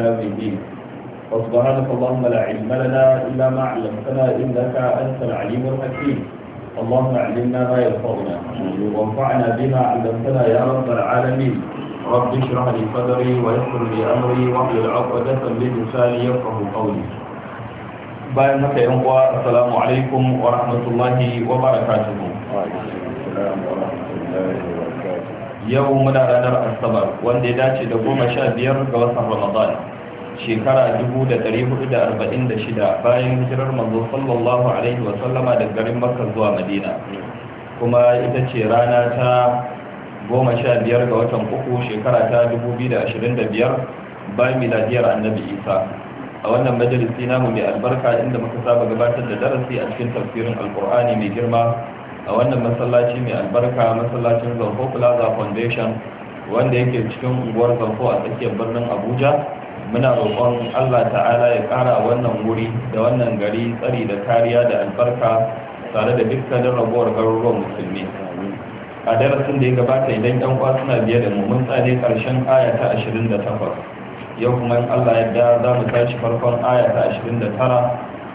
السابقين فسبحانك اللهم لا علم لنا إلا ما علمتنا إنك أنت العليم الحكيم اللهم علمنا ما يرفضنا وانفعنا بما علمتنا يا رب العالمين رب اشرح لي صدري ويسر لي امري واحلل عقدة من لساني قولي bayan haka yan السلام عليكم ورحمة الله وبركاته وعليكم السلام ورحمة الله وبركاته. asabar wanda ya dace da goma دقوم biyar ga watan ramadan shekara shida bayan hijirar manzo sallallahu alaihi wa sallama daga garin makka zuwa madina kuma ita ce rana ta 15 ga watan uku shekara ta 2025 bayan miladiyar annabi isa a wannan majalisi namu mai albarka inda muka saba gabatar da darasi a cikin tafsirin alkur'ani mai girma a wannan masallaci mai albarka masallacin zarfo plaza foundation wanda yake cikin unguwar zarfo a tsakiyar birnin abuja muna roƙon Allah ta'ala ya ƙara wannan wuri da wannan gari tsari da kariya da albarka tare da dukkanin ragowar garuruwan musulmi a darasin da ya gabata idan yan uwa suna biye da mu mun tsane karshen aya ta 28 yau kuma in Allah ya da za mu tashi farkon aya ta 29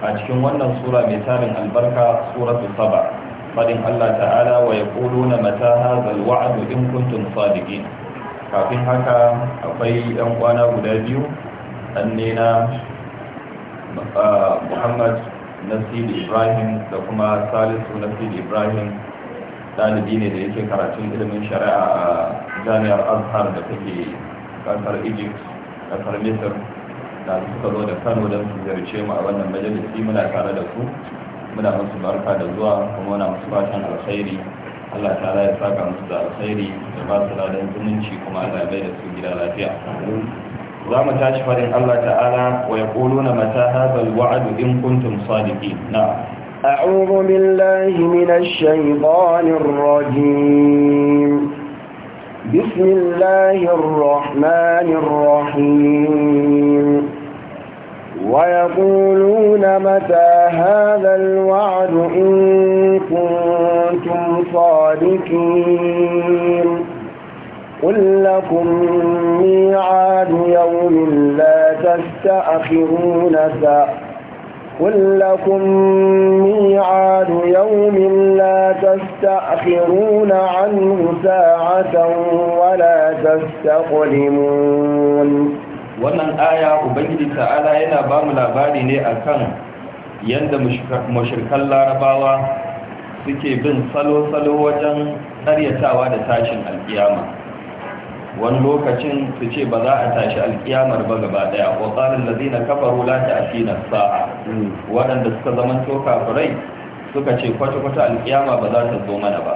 a cikin wannan sura mai tarin albarka suratu saba fadin Allah ta'ala wa yaquluna mata hadha alwa'd in kuntum sadiqin kafin haka akwai yan kwana guda biyu annina ah, muhammad nasir ibrahim da kuma salisu nasir ibrahim dalibi ne da yake karatun ilimin shari'a a jami'ar azhar da take ƙasar egypt ƙasar misir da suka zo da kano don su ziyarce mu a wannan majalisi muna tare da su muna musu barka da zuwa kuma muna musu fatan alkhairi Allah ta ya saka musu da alkhairi da ba su ladan zumunci kuma Allah bai da su gida lafiya za mu إن farin Allah ويقولون متى هذا الوعد إن كنتم صادقين نعم أعوذ بالله من الشيطان الرجيم بسم الله الرحمن الرحيم ويقولون متى هذا الوعد إن كنتم صادقين قل لكم ميعاد يوم لا تستأخرون ساعة قل لكم ميعاد يوم لا تستأخرون عنه ساعة ولا تستقدمون wannan aya ubangiji ta'ala yana ba mu labari ne akan yadda mashirkan larabawa suke bin salo-salo wajen karyatawa da tashin alkiyama wani lokacin su ce ba za a tashi alkiyamar ba gaba daya ko tsarin da zina kafaru lati ta afi na sa'a hmm. waɗanda suka zaman to kafirai suka ce kwata-kwata alkiyama ba za ta zo mana ba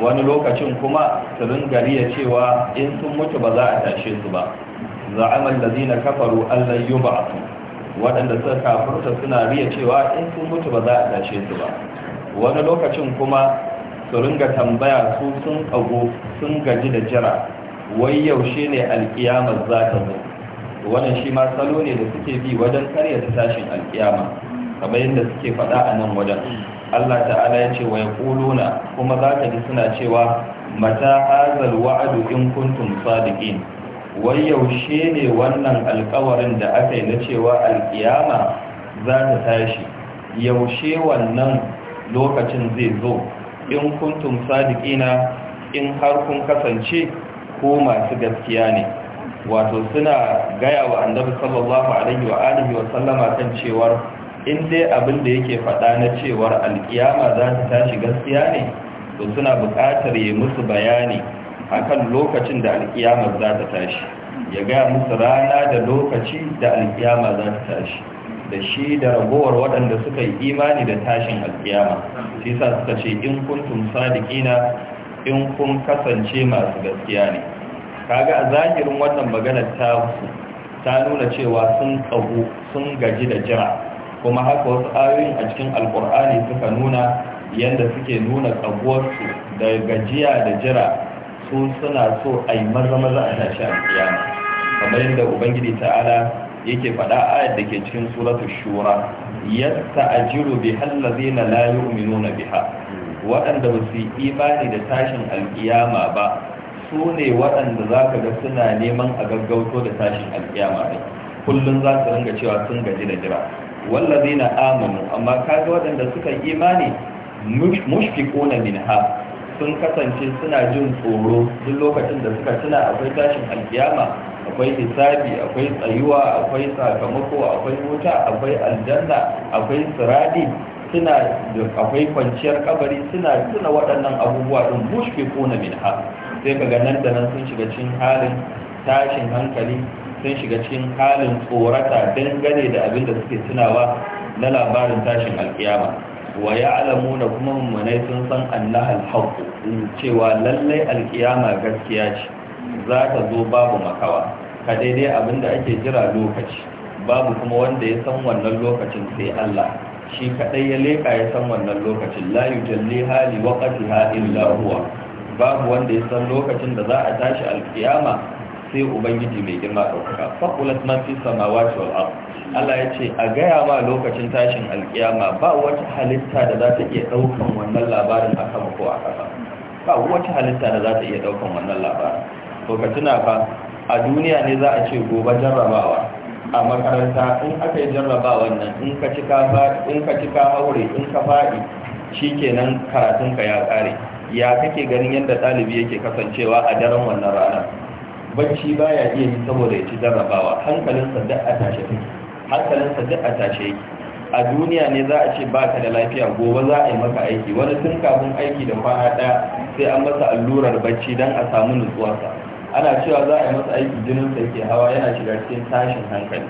wani lokacin kuma su ringari ya cewa in sun mutu ba za a tashe su ba za a za'amal da zina kafaru allon yi ba waɗanda suka kafurta suna riya cewa in sun mutu ba za a tashe su ba wani lokacin kuma su ringa tambaya su sun kago sun gaji da jira wai yaushe ne alkiyamar za ta zo wannan shi ma salo ne da suke bi wajen karya ta tashin alkiyama kamar yadda suke faɗa a nan wajen Allah ta'ala ya ce wa yaquluna kuma za ka ji suna cewa mata hazal wa'adu in kuntum sadiqin wai yaushe ne wannan alkawarin da aka yi na cewa alkiyama za ta tashi yaushe wannan lokacin zai zo in kuntum sadiqina in har kun kasance ko masu gaskiya ne wato suna gaya wa annabi sallallahu alaihi wa alihi wa sallama kan cewar in dai abin da yake faɗa na cewar alkiyama za ta tashi gaskiya ne to suna buƙatar yi musu bayani akan lokacin da alkiyama za ta tashi ya gaya musu rana da lokaci da alkiyama za ta tashi da shi da ragowar waɗanda suka yi imani da tashin alkiyama shi sa suka ce in kuntum sadiqina in kun kasance masu gaskiya ne kaga a zahirin wannan magana ta ta nuna cewa sun tsago sun gaji da jira kuma haka wasu ayoyin a cikin alkur'ani suka nuna yadda suke nuna tsagowarsu da gajiya da jira su suna so a yi maza-maza a tashi a kiyama kamar yadda ubangiji ta'ala yake faɗa ayat da ke cikin suratul shura yasta ajiru bi hallazina la yu'minuna biha waɗanda ba su yi imani da tashin alkiyama ba su ne waɗanda za ka ga suna neman a gaggauto da tashin alkiyama ne kullum za su ringa cewa sun gaji da jira zai na amanu amma kaga waɗanda suka yi imani min minha sun kasance suna jin tsoro duk lokacin da suka tuna akwai tashin alkiyama akwai hisabi akwai tsayuwa akwai sakamako akwai wuta akwai aljanna akwai siradi suna da akwai kwanciyar kabari suna tuna waɗannan abubuwa ɗin Bush fi kona min ha sai ga nan da nan sun shiga cikin halin tashin hankali sun shiga cikin halin tsorata dangane da abin da suke tunawa na labarin tashin alkiyama wa ya'lamu na kuma munai sun san annaha alhaqu cewa lallai alkiyama gaskiya ce za ta zo babu makawa ka daidai abin da ake jira lokaci babu kuma wanda ya san wannan lokacin sai Allah shi kaɗai ya leka ya san wannan lokacin la yujalli hali waqtiha illa huwa babu wanda ya san lokacin da za a tashi alkiyama sai ubangiji mai girma ɗaukaka faqulat ma fi samawati wal ard Allah ya ce a gaya ma lokacin tashin alkiyama ba wata halitta da za ta iya ɗaukan wannan labarin a sama ko a ƙasa ba wata halitta da za ta iya daukan wannan labarin to ka tuna fa a duniya ne za a ce gobe jarrabawa a makaranta in aka yi jarraba wannan in ka ci ka haure in ka faɗi shikenan karatunka ya ƙare ya kake ganin yadda ɗalibi yake kasancewa a daren wannan rana bacci baya iya yi saboda ya ci jarrabawa Hankalin duk a tashe take hankalin duk a tashe yake a duniya ne za a ce ba ka da lafiya gobe za a yi maka aiki wani tun kafin aiki da kwana ɗaya sai an masa allurar bacci don a samu nutsuwarsa ana cewa za a yi masa aiki jinin sa ke hawa yana shiga cikin tashin hankali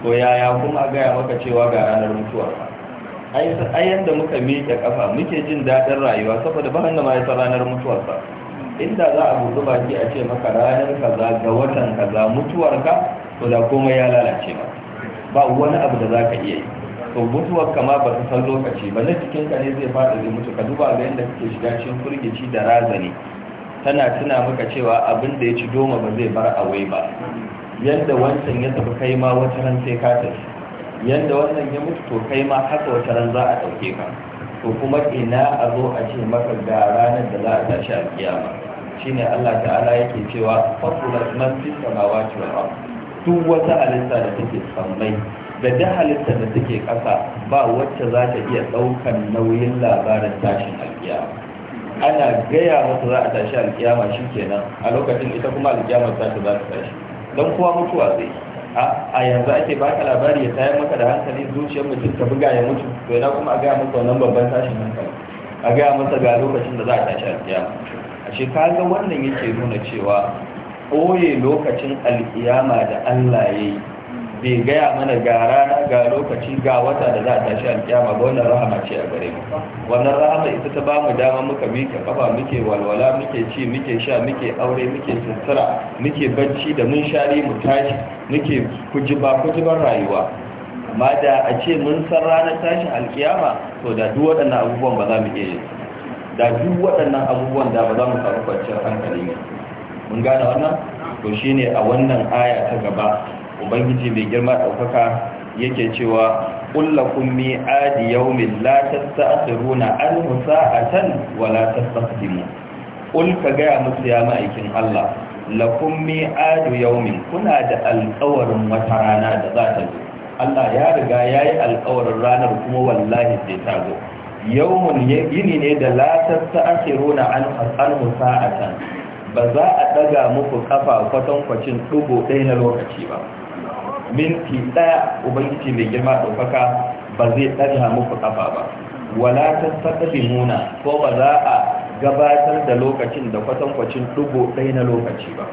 ko yaya kuma gaya maka cewa ga ranar mutuwa ai yanda muka miƙe kafa muke jin daɗin rayuwa saboda ba hannu ma ya ranar mutuwarsa inda za a buɗe baki a ce maka ranar kaza ga watan kaza mutuwarka to da komai ya lalace ba ba wani abu da za ka iya yi to mutuwar kama ba ta san lokaci ba na cikin ka ne zai faɗi zai mutu ka duba ga yadda kake shiga cikin furgici da razani tana tuna maka cewa abin da ya ci doma ba zai bar awai ba yadda wancan ya tafi kai ma wata ran sai ka tafi yadda wannan ya mutu to kai ma haka wata ran za a ɗauke ka to kuma ina a zo a ce maka ga ranar da za a tashi a kiyama shine Allah ta'ala yake cewa fakulat man fi samawati wal ard duk wata halitta da take sammai da duk halitta da take ƙasa ba wacce za ta iya ɗaukan nauyin labarin tashin kiyama ana gaya masa za a tashi alkiyama shi kenan a lokacin ita kuma alkiyama za ta za ta tashi don kuma mutuwa zai a yanzu ake baka labari ya tayar maka da hankali zuciyar mutum ka buga ya mutu to yana kuma a gaya masa wannan babban tashin hankali a gaya masa ga lokacin da za a tashi alkiyama a ce ka ga wannan yake nuna cewa ɓoye lokacin alkiyama da Allah ya yi bai gaya mana ga rana ga lokaci ga wata da za a tashi alkiyama ba wannan rahama ce a gare mu wannan rahama ita ta bamu dama muka mika kafa muke walwala muke ci muke sha muke aure muke sutura muke bacci da mun share mu tashi muke kujiba kujiban rayuwa amma da a ce mun san ranar tashi alkiyama to da duk waɗannan abubuwan ba za mu iya yi? da duk waɗannan abubuwan da ba za mu samu kwanciyar hankali ne mun gane wannan to shine a wannan aya ta gaba ubangiji mai girma ɗaukaka yake cewa kullakun mi'adi yawmin la tasta'khiruna anhu sa'atan wa la tastaqdimu kul ka ga musu ya ma'aikin Allah lakum adi yawmin kuna da alƙawarin wata rana da za ta zo Allah ya riga yayi alƙawarin ranar kuma wallahi sai ta zo yawmun yini ne da la tasta'khiruna anhu sa'atan ba za a daga muku kafa kwatankwacin dubo ɗaya na lokaci ba minti daya ubangiji mai girma ɗaukaka ba zai ɗaga muku kafa ba wala ta saka muna ko ba za a gabatar da lokacin da kwatankwacin dubu ɗaya na lokaci ba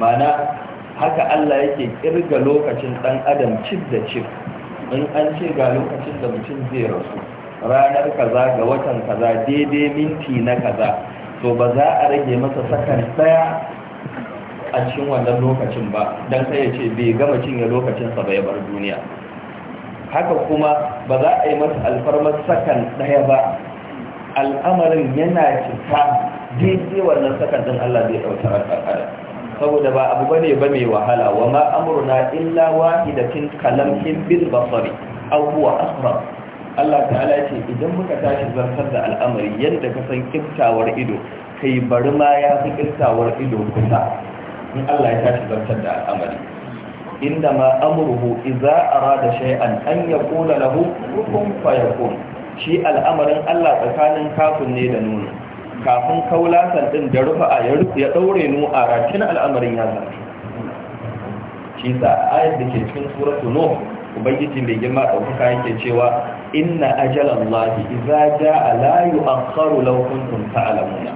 mana haka Allah yake kirga lokacin ɗan adam cif da cif in an ce ga lokacin da mutum zai rasu ranar kaza ga watan kaza daidai minti na kaza to ba za a rage masa sakan ɗaya a cikin wannan lokacin ba don kai ya ce bai gama cinye lokacinsa ba ya bar duniya haka kuma ba za a yi masa alfarmar sakan ɗaya ba al'amarin yana cika daidai wannan sakan ɗin Allah zai ɗauki al'ada saboda ba abu bane ba mai wahala wa ma amruna illa wahidatin kalamhin bil basari aw huwa asra Allah ta'ala ya ce idan muka tashi zartar da al'amari yadda ka san kiftawar ido kai bari ma ya fi kiftawar ido kusa in Allah ya tashi zartar da al'amari inda ma amruhu idza arada shay'an an yaqula lahu kun fayakun shi al'amarin Allah tsakanin kafin ne da nuna kafin kaulatan din da rufaa ya ya daure nu a rakin al'amarin ya zama shi sa ayat da ke cikin suratu nuh ubangiji mai girma ɗaukaka yake cewa inna ajalan lahi iza ja'a la yu'akhkharu law kuntum ta'lamuna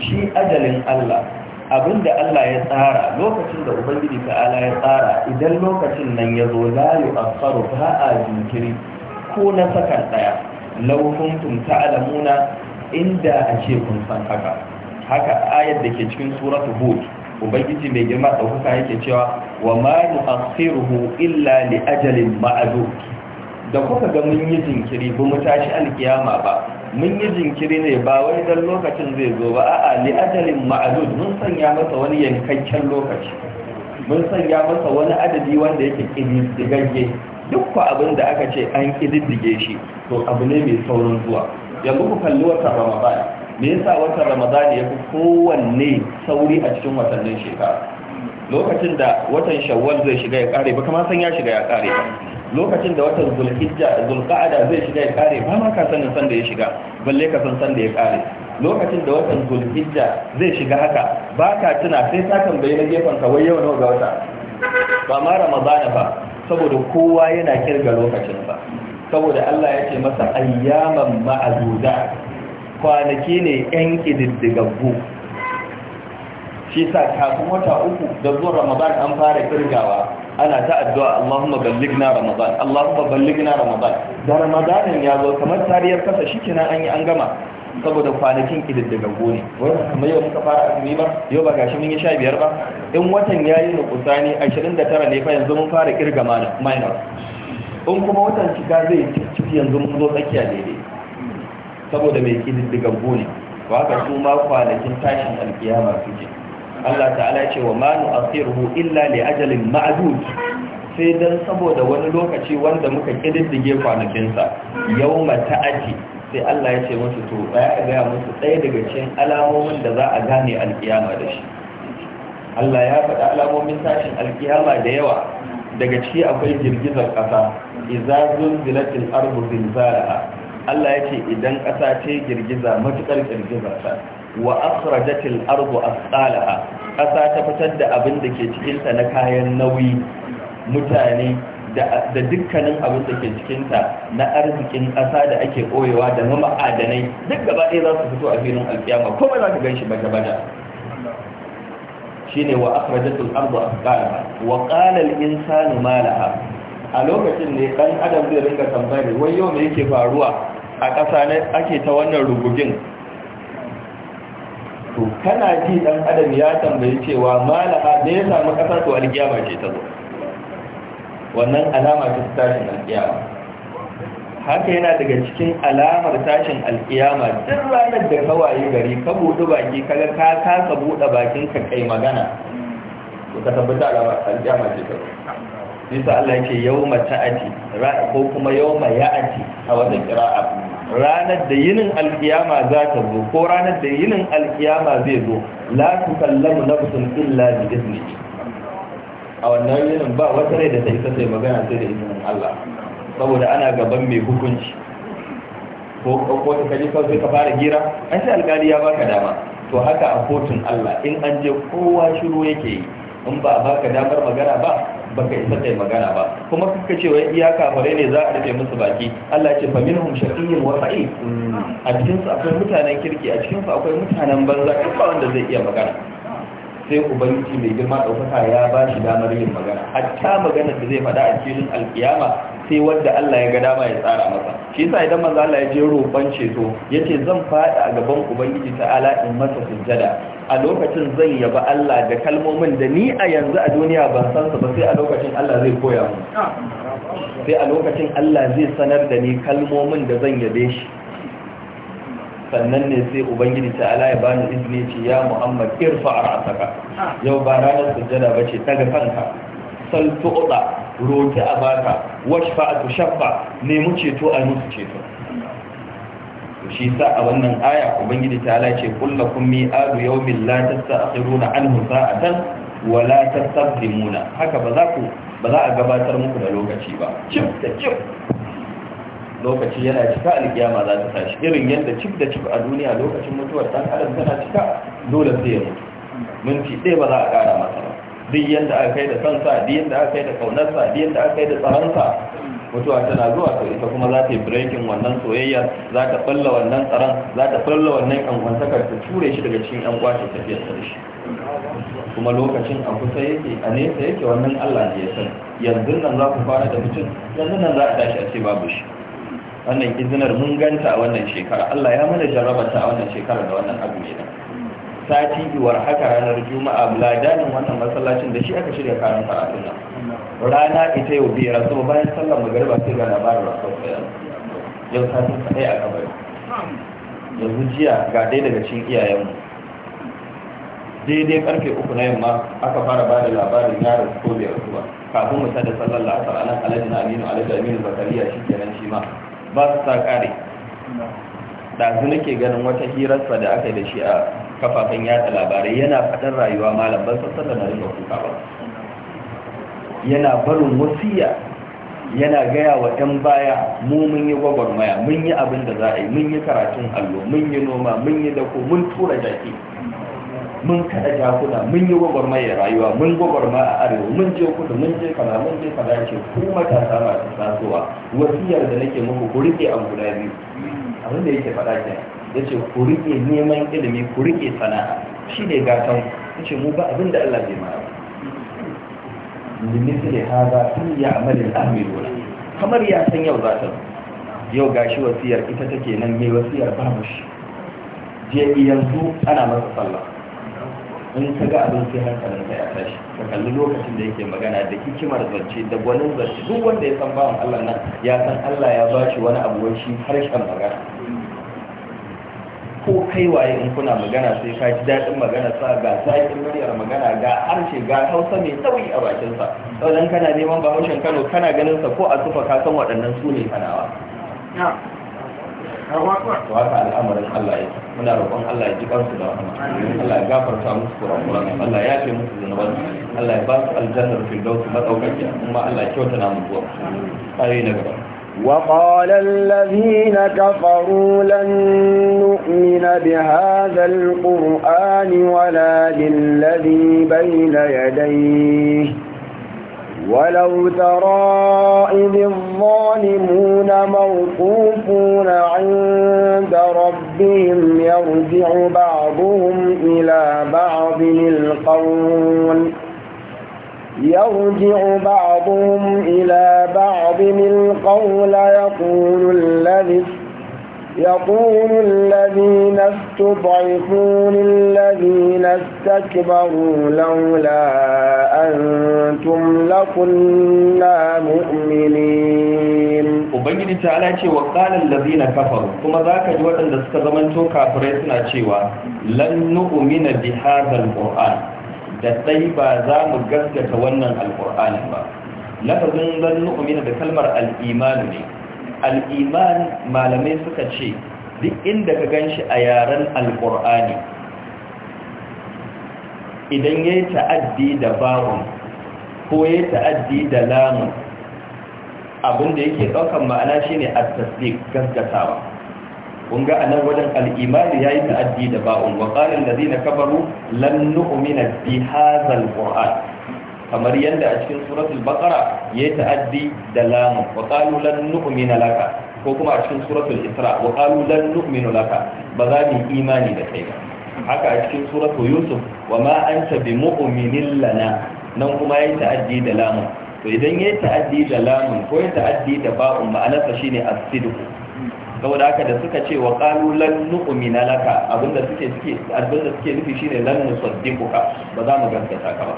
shi ajalin Allah Abin da Allah ya tsara lokacin da ubangiji ta'ala ya tsara idan lokacin nan ya zo la yu'affaru ba a jinkiri ko na sakan daya law kuntum ta'lamuna inda a ce kun san haka haka ayar da ke cikin suratu hud ubangiji mai girma ɗaukaka yake cewa wa ma nu'akhiruhu illa li ajalin ma'dud da kuka ga mun yi jinkiri ba mu tashi alkiyama ba mun yi jinkiri ne ba wai dan lokacin zai zo ba a'a li ajalin ma'adud mun sanya masa wani yankakken lokaci mun sanya masa wani adadi wanda yake kididdigagge duk abin da aka ce an kididdige shi to abu ne mai saurin zuwa yanzu ku kalli watan ramadan me yasa watan ramadan ya fi kowanne sauri a cikin watannin shekara lokacin da watan shawwal zai shiga ya kare ba kamar san ya shiga ya kare ba lokacin da watan zulhijja zulqa'ada zai shiga ya kare ba ma ka sanin san da ya shiga balle ka san san da ya kare lokacin da watan zulhijja zai shiga haka ba ka tuna sai ta tambayi na gefen ka wai yau nawa ga wata ba ma ramadana ba saboda kowa yana kirga lokacin lokacinsa saboda Allah ya ce masa ayyaman ma'azuda kwanaki ne yan kididdigabbu shi sa kafin wata uku da zuwan ramadan an fara kirgawa ana ta addu'a Allahumma ballighna ramadan Allahumma ballighna ramadan da ramadanin ya zo kamar tariyar kasa shikenan an yi an gama saboda kwanakin kididdigaggo ne wai kamar yau muka fara azumi ba yau ba gashi mun yi 15 ba in watan yayi nukusani 29 ne fa yanzu mun fara kirga minor in kuma watan shiga zai ciki yanzu mun zo tsakiya daidai saboda mai kididdigaggo ne ba haka su ma kwanakin tashin alkiyama suke Allah ta'ala ce wa ma nu'akhiruhu illa li ajalin ma'dud sai don saboda wani lokaci wanda muka ƙididdige kwanakin sa yawma ta'ati sai Allah ya ce musu to ya gaya musu ɗaya daga cikin alamomin da za a gane alkiyama da shi Allah ya faɗa alamomin tashin alkiyama da yawa daga ciki akwai girgizar ƙasa idza zulzilatil ardu zilzalaha Allah ya ce idan ƙasa ce girgiza matukar girgizar ta wa akhrajatil ardu asqalaha ƙasa ta fitar da abin da ke cikin ta na kayan nauyi mutane da dukkanin abin da ke cikin ta na arzikin ƙasa da ake koyewa da na ma'adanai duk gaba ɗaya za su fito a filin alƙiyama kuma za ka ganshi bada bada shine wa akhrajatil ardu asqalaha wa qala al insanu ma laha a lokacin ne dan adam zai rinka tambaye wai yau me yake faruwa a ƙasa ne ake ta wannan rugugin to kana ji dan adam ya tambayi cewa malaha me ya samu kasa to alkiyama ce ta zo wannan alama ta tashin alkiyama haka yana daga cikin alamar tashin alkiyama duk ranar da ka waye gari ka bude baki ga ka kasa bude bakin ka kai magana to ka tabbata alama alkiyama ce ta zo nisa Allah ya yau yawma ta'ati ko kuma ya ya'ati a wannan qira'a ranar da yinin alkiyama za ta zo ko ranar da yinin alkiyama zai zo la na nafsun illa da izini a wannan yinin ba wata rai da ta isa sai magana sai da izinin Allah saboda ana gaban mai hukunci ko ko ta kaji kawai sai ka fara gira an sai alkali ya baka dama to haka a kotun Allah in an je kowa shiru yake yi in ba baka damar magana ba baka isa kai magana ba kuma kuka ce wai iya kafare ne za a rufe musu baki Allah ce fa shaqiyyun wa sa'id a cikin su akwai mutanen kirki a cikin su akwai mutanen banza ba wanda zai iya magana sai ubangiji mai girma daukaka ya ba shi damar yin magana hatta maganar da zai faɗa a cikin alkiyama sai wanda Allah ya ga dama ya tsara masa shi yasa idan manzo Allah ya je roƙon ceto yace zan faɗi a gaban ubangiji ta'ala in masa sujjada a lokacin zan yaba Allah da kalmomin da ni a yanzu a duniya ban san su ba sai a lokacin Allah zai koya mu sai a lokacin Allah zai sanar da ni kalmomin da zan yabe shi sannan ne sai ubangiji ta'ala ya bani izini ce ya Muhammad irfa ra'saka yau ba ranar sujjada ce daga kanka sal tu'da roki a baka washfa a tushaffa nemi ceto a musu ceto shi sa a wannan aya ubangiji ta lace kullakum mi'adu yawmin la tasta'khiruna anhu sa'atan wa la tastaqdimuna haka ba za ku ba za a gabatar muku da lokaci ba cif da cif lokaci yana cika alkiyama za ta tashi irin yadda cif da cif a duniya lokacin mutuwar dan adam tana cika dole sai ya mutu minti ɗaya ba za a ƙara masa ba duk yadda aka yi da kansa duk yadda aka yi da kaunarsa duk yadda aka yi da tsaronsa mutuwa tana zuwa to ita kuma za ta yi breaking wannan soyayya za ta falla wannan tsaron za ta falla wannan kanwantakar ta ture shi daga cikin yan kwace tafiyar da shi kuma lokacin a kusa yake a nesa yake wannan Allah ne ya san yanzu nan za ku fara da mutum yanzu nan za a tashi a ce babu shi wannan izinar mun ganta a wannan shekara Allah ya mana jarrabata a wannan shekara da wannan abu ne sati iwar haka ranar juma'a ladanin wannan masallacin da shi aka shirya karin karatun nan rana ita yau biyar rasu bayan sallar magariba sai ga labarin rasu yau satin kaɗai a kabari yanzu jiya ga dai daga cikin iyayenmu daidai karfe uku na yamma aka fara ba da labarin yaro ko biyar zuwa kafin mu da sallar la'asar anan alhaji na aminu alhaji aminu zakariya shi kenan shi ma ba su ta kare. Dazu nake ganin wata hirarsa da aka yi da shi a kafafen yada labarai yana faɗin rayuwa malam ban sassan da na riga kuka ba yana barin wasiya yana gaya wa ɗan baya mu mun yi gwagwarmaya mun yi abin da za a yi mun yi karatun allo mun yi noma mun yi dako mun tura jaki mun kada jakuna mun yi gwagwarmaya rayuwa mun gwagwarmaya a arewa mun je kudu mun je kana mun je kaza ce ku matasa masu tasowa wasiyar da nake muku ku rike abu guda biyu abinda da yake faɗa ke ya ce ku riƙe neman ilimi ku riƙe sana'a shi ne gatan ya ce mu ba abin da Allah bai mara limiti da haza sun yi amalin amirula kamar ya san yau za ta yau gashi wasiyar ita take nan mai wasiyar babu shi je yanzu ana masa sallah in ka ga abin sai hankalin ka ya tashi ka kalli lokacin da yake magana da hikimar zance da gwanin zance duk wanda ya san bawan Allah nan ya san Allah ya ba shi wani abu wai shi harshen magana ko kai waye in kuna magana sai ka ji daɗin magana sa ga zaƙin muryar magana ga harshe ga hausa mai tsauri a bakinsa sau kana neman bahaushen kano kana ganin sa ko a tufa ka san waɗannan su ne kanawa to haka al'amarin Allah ya muna roƙon Allah ya ji kansu da rahama Allah ya gafarta musu kurakuran Allah ya ce musu zunuban Allah ya ba su aljannar firdausu madaukakiya kuma Allah ya kyauta na mutuwa ayoyi na gaba وقال الذين كفروا لن نؤمن بهذا القرآن ولا للذي بين يديه ولو ترى إذ الظالمون موقوفون عند ربهم يرجع بعضهم إلى بعض القول يرجع بعضهم إلى بعض القول يقول الذي يقول الذين استضعفوا للذين استكبروا لولا أنتم لكنا مؤمنين وبنجد تعالى وقال الذين كفروا ثم ذاك جوات أن تستضمنتوا كافرين أشيوا لن نؤمن بهذا القرآن da dai ba za mu gaskata wannan alƙur'anin ba lafazin zan nu'mina da kalmar al'imanu ne al'iman malamai suka ce duk inda ka gan shi a yaren alƙur'ani idan ya yi ta'addi da bawon ko ya yi ta'addi da lamun abinda yake ɗaukan ma'ana shi ne a tasdik gaskatawa Kun a nan wajen al'imani ya yi ta'addi da ba'un wa da zina kabaru lan bi hazal kamar yadda a cikin suratul baqara ya ta'addi da lamun wa qalu lan nu'mina laka ko kuma a cikin suratul isra wa qalu lan nu'mina laka ba za mu imani da kai ba haka a cikin suratul yusuf wa ma anta bi mu'minin lana nan kuma ya ta'addi da lamun to idan ya ta'addi da lamun ko ya ta'addi da ba'un ma'anarsa shine as-sidq saboda haka da suka ce wa qalu lan nu'mina laka abinda suke suke abinda suke nufi shine lan nusaddiquka ba za mu gaskata ka ba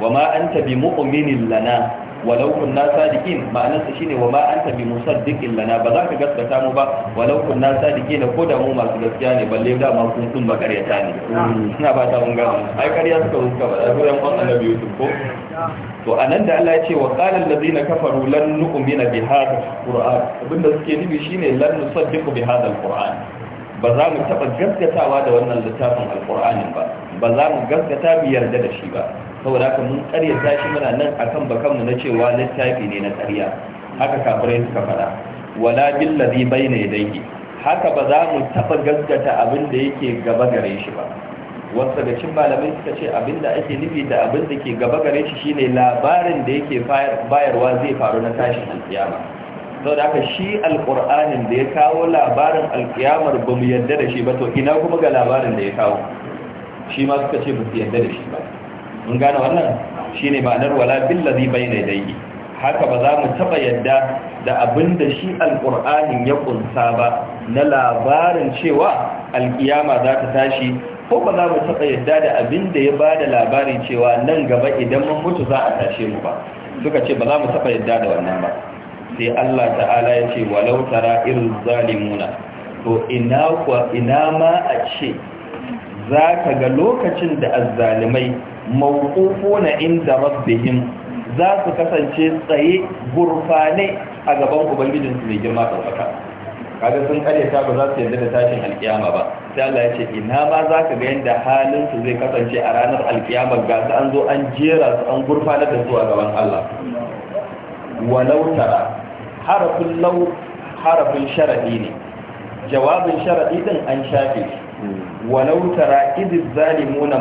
wa ma anta bi mu'minin lana walau kunna sadiqin ma'anar sa shine wa ma anta bi musaddiqin lana ba za ka gaskata mu ba walau kunna sadiqin ko da mu masu gaskiya ne balle da ma kun kun makaryata ne ina ba ta mun ga ai ƙarya suka ruka ba da ruwan ban annabi Yusuf ko to anan da Allah ya ce wa qala allazina kafaru lan nu'mina bi hadha alquran abinda suke nufi shine lan nusaddiqu bi hadha alquran ba za mu taba gaskatawa da wannan littafin alqur'anin ba ba za mu gaskata mu yarda da shi ba saboda haka mun ta shi muna nan akan bakanmu na cewa littafi ne na tsariya. haka kafirai suka faɗa wala billazi bayna yadayhi haka ba za mu taba gaskata abin da yake gaba gare shi ba wasu daga cin malamai suka ce abin da ake nufi da abin da ke gaba gare shi shine labarin da yake bayarwa zai faru na tashin alkiyama sau da aka shi alkur'anin da ya kawo labarin alkiyamar ba mu yarda da shi ba to ina kuma ga labarin da ya kawo shi ma suka ce ba su yarda da shi ba mun gane wannan shine ma'anar wala billazi bayna yadayhi haka ba za mu taba yadda da abin da shi alqur'anin ya kunsa ba na labarin cewa alkiyama za ta tashi ko ba za mu taba yadda da abin da ya da labarin cewa nan gaba idan mun mutu za a tashe mu ba suka ce ba za mu taba yadda da wannan ba sai Allah ta'ala ya ce walau tara irin zalimuna to ina ina ma a ce za ka ga lokacin da azzalimai mawqufuna na inda rabbihim za su kasance tsaye gurfane a gaban ubangijinsu mai girma ɗaukaka kaga sun karyata ba za su yarda da tashin alkiyama ba sai Allah ya ce ina ma za ka ga yadda halin su zai kasance a ranar alkiyama ga su an zo an jera su an gurfane da su a gaban Allah walau tara harafin lau harafin sharadi ne jawabin sharadi din an shafe walau tara idh zalimuna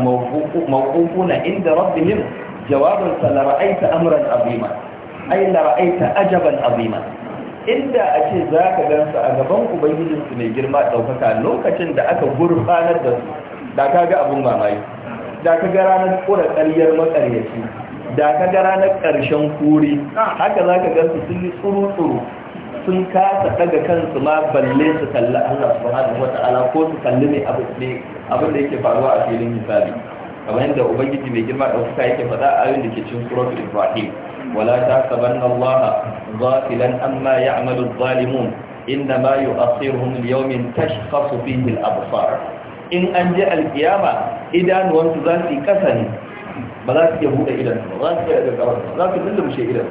mawqufuna inda rabbihim jawaban sa la ra'aita amran azima ay la ajaban inda a ce za ka gansu a gaban ubangijinsu mai girma ɗaukaka lokacin da aka gurfanar da su da ka ga abin mamaye da ka ga ranar ƙura ƙaryar maƙaryaci da ka ga ranar ƙarshen kuri haka za ka gansu sun yi tsuru-tsuru sun kasa daga kansu ma balle su kalli Allah subhanahu wa ta'ala ko su kalli mai abu ne abin da yake faruwa a filin hisabi kamar yadda ubangiji mai girma da ɗaukaka yake faɗa a yin da ke cikin suratul ibrahim wala ta tahsabanna Allah ghafilan amma ya'malu adh-dhalimun inna ma yu'akhiruhum li-yawmin tashkhasu fihi al-absar in an je al-qiyama idanuwansu za su yi kasa ne ba za su iya buɗe idan ba za su iya ga ba za su lullumshe idan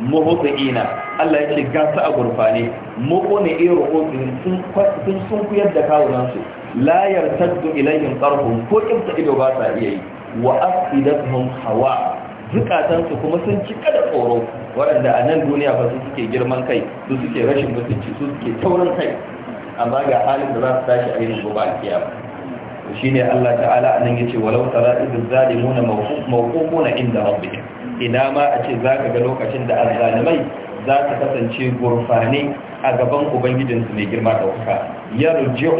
mahotsa'ina Allah ya ce gasa a gurfane mako ne iya roƙoƙin sun sun kuyar da kawunansu layar taddu ilayin ƙarfin ko ƙimta ido ba sa iya yi wa asidatun hawa zukatansu kuma sun cika da tsoro waɗanda a nan duniya ba su suke girman kai su suke rashin mutunci su suke taurin kai amma ga halin da za su tashi a yin gobe shi ne Allah ta'ala anan ce walau tara idh zalimuna mawqufuna inda rabbihim ina ma a ce za ka ga lokacin da alzalimai za ta kasance gurfane a gaban ubangijinsu mai girma ɗauka ya ruji'u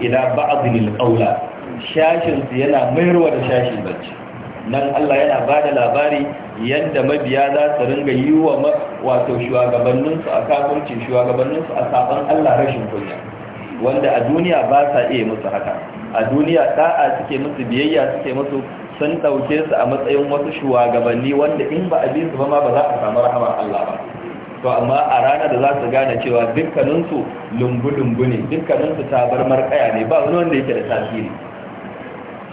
ina ba a qawla shashin su yana mayarwa da shashin bacci nan Allah yana ba da labari yadda mabiya za su ringa yi wa wato shugabanninsu a kafirci shugabanninsu a saban Allah rashin kunya wanda a duniya ba sa iya musu haka a duniya da'a suke musu biyayya suke musu sun ɗauke su a matsayin wasu shugabanni wanda in ba a bi su ba ma ba za a samu rahamar Allah ba to amma a ranar da za su gane cewa dukkaninsu lungu-lungu ne dukkaninsu bar markaya ne ba wani wanda yake da tasiri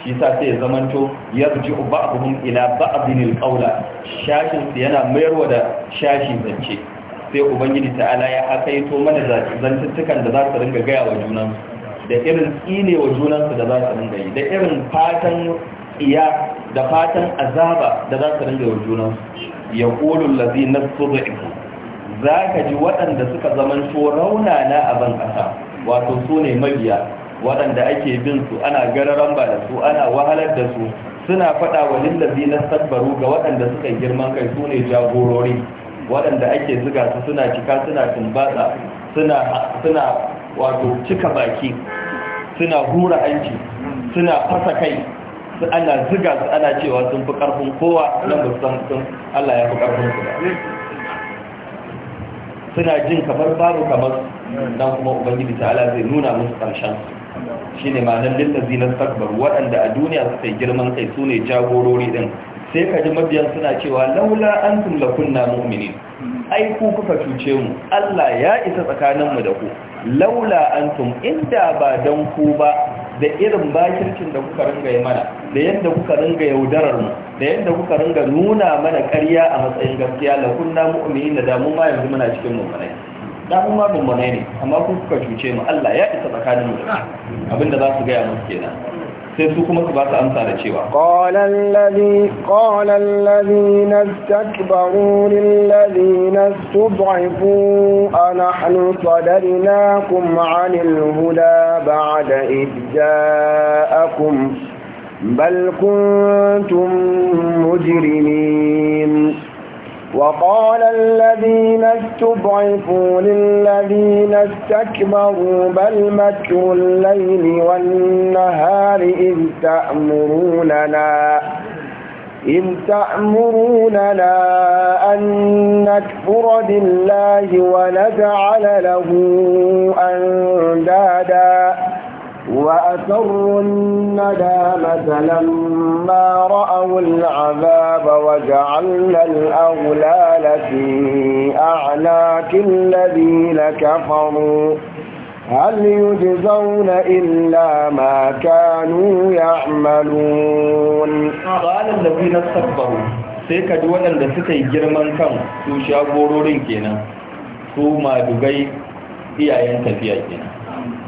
shi sa sai zamanto ya zuci ba'dhum ila ba'dhin al-qawla shashin su yana mayarwa da shashi zance sai ubangiji ta'ala ya akaito mana zantuttukan da za su ringa gaya wa junan da irin tsine wa da za su ringa yi da irin fatan iya da fatan azaba da za su rinda wa junansu ya ƙolun lazi na suzu'iku za ka ji waɗanda suka zaman to raunana a ban ƙasa wato su ne mabiya waɗanda ake bin su ana gararan ba da su ana wahalar da su suna faɗa wa lillazi na sabbaru ga waɗanda suka girman kai su jagorori waɗanda ake ziga su suna cika suna tumbatsa suna wato cika baki suna hura hanci suna fasa kai su ana ziga su ana cewa sun fi karfin kowa nan ba san sun Allah ya fi karfin su ba suna jin kamar babu kamar nan kuma ubangiji ta'ala zai nuna musu karshen shi ne ma'anar littazi na takbar waɗanda a duniya suka yi girman kai su ne jagorori din sai ka ji mabiyan suna cewa laula an tumla kunna mu'minin ai ku kuka cuce mu Allah ya isa tsakaninmu da ku laula an inda ba dan ku ba da irin bakircin da kuka ringa yi mana da yadda kuka ringa yaudarar mu da yadda kuka ringa nuna mana ƙarya a matsayin gaskiya da kunna mu'minin da damu ma yanzu muna cikin mummunai da ma mummunai ne amma kuka cuce mu Allah ya isa tsakanin mu abinda za su ga ya kenan sai su kuma su ba su amsa da cewa ƙwalar lalina takbaru lalina stubaifu a na halittarina kuma anil huda ba da idja'akum bal kuntum mujrimin وقال الذين استضعفوا للذين استكبروا بل مكروا الليل والنهار إذ تأمروننا إن تأمروننا أن نكفر بالله ونجعل له أندادا وأسروا النَّدَامَةَ لَمَّا رأوا الْعَذَابَ وَجَعَلْنَا الْأَغْلَالَ فِي أَعْنَاقِ الَّذِينَ كَفَرُوا هَلْ يُجْزَوْنَ إِلَّا مَا كَانُوا يَعْمَلُونَ قَالَ الَّذِينَ اسْتَكْبَرُوا sai ka ji waɗanda كَمْ yi girman kan su shagororin kenan su madugai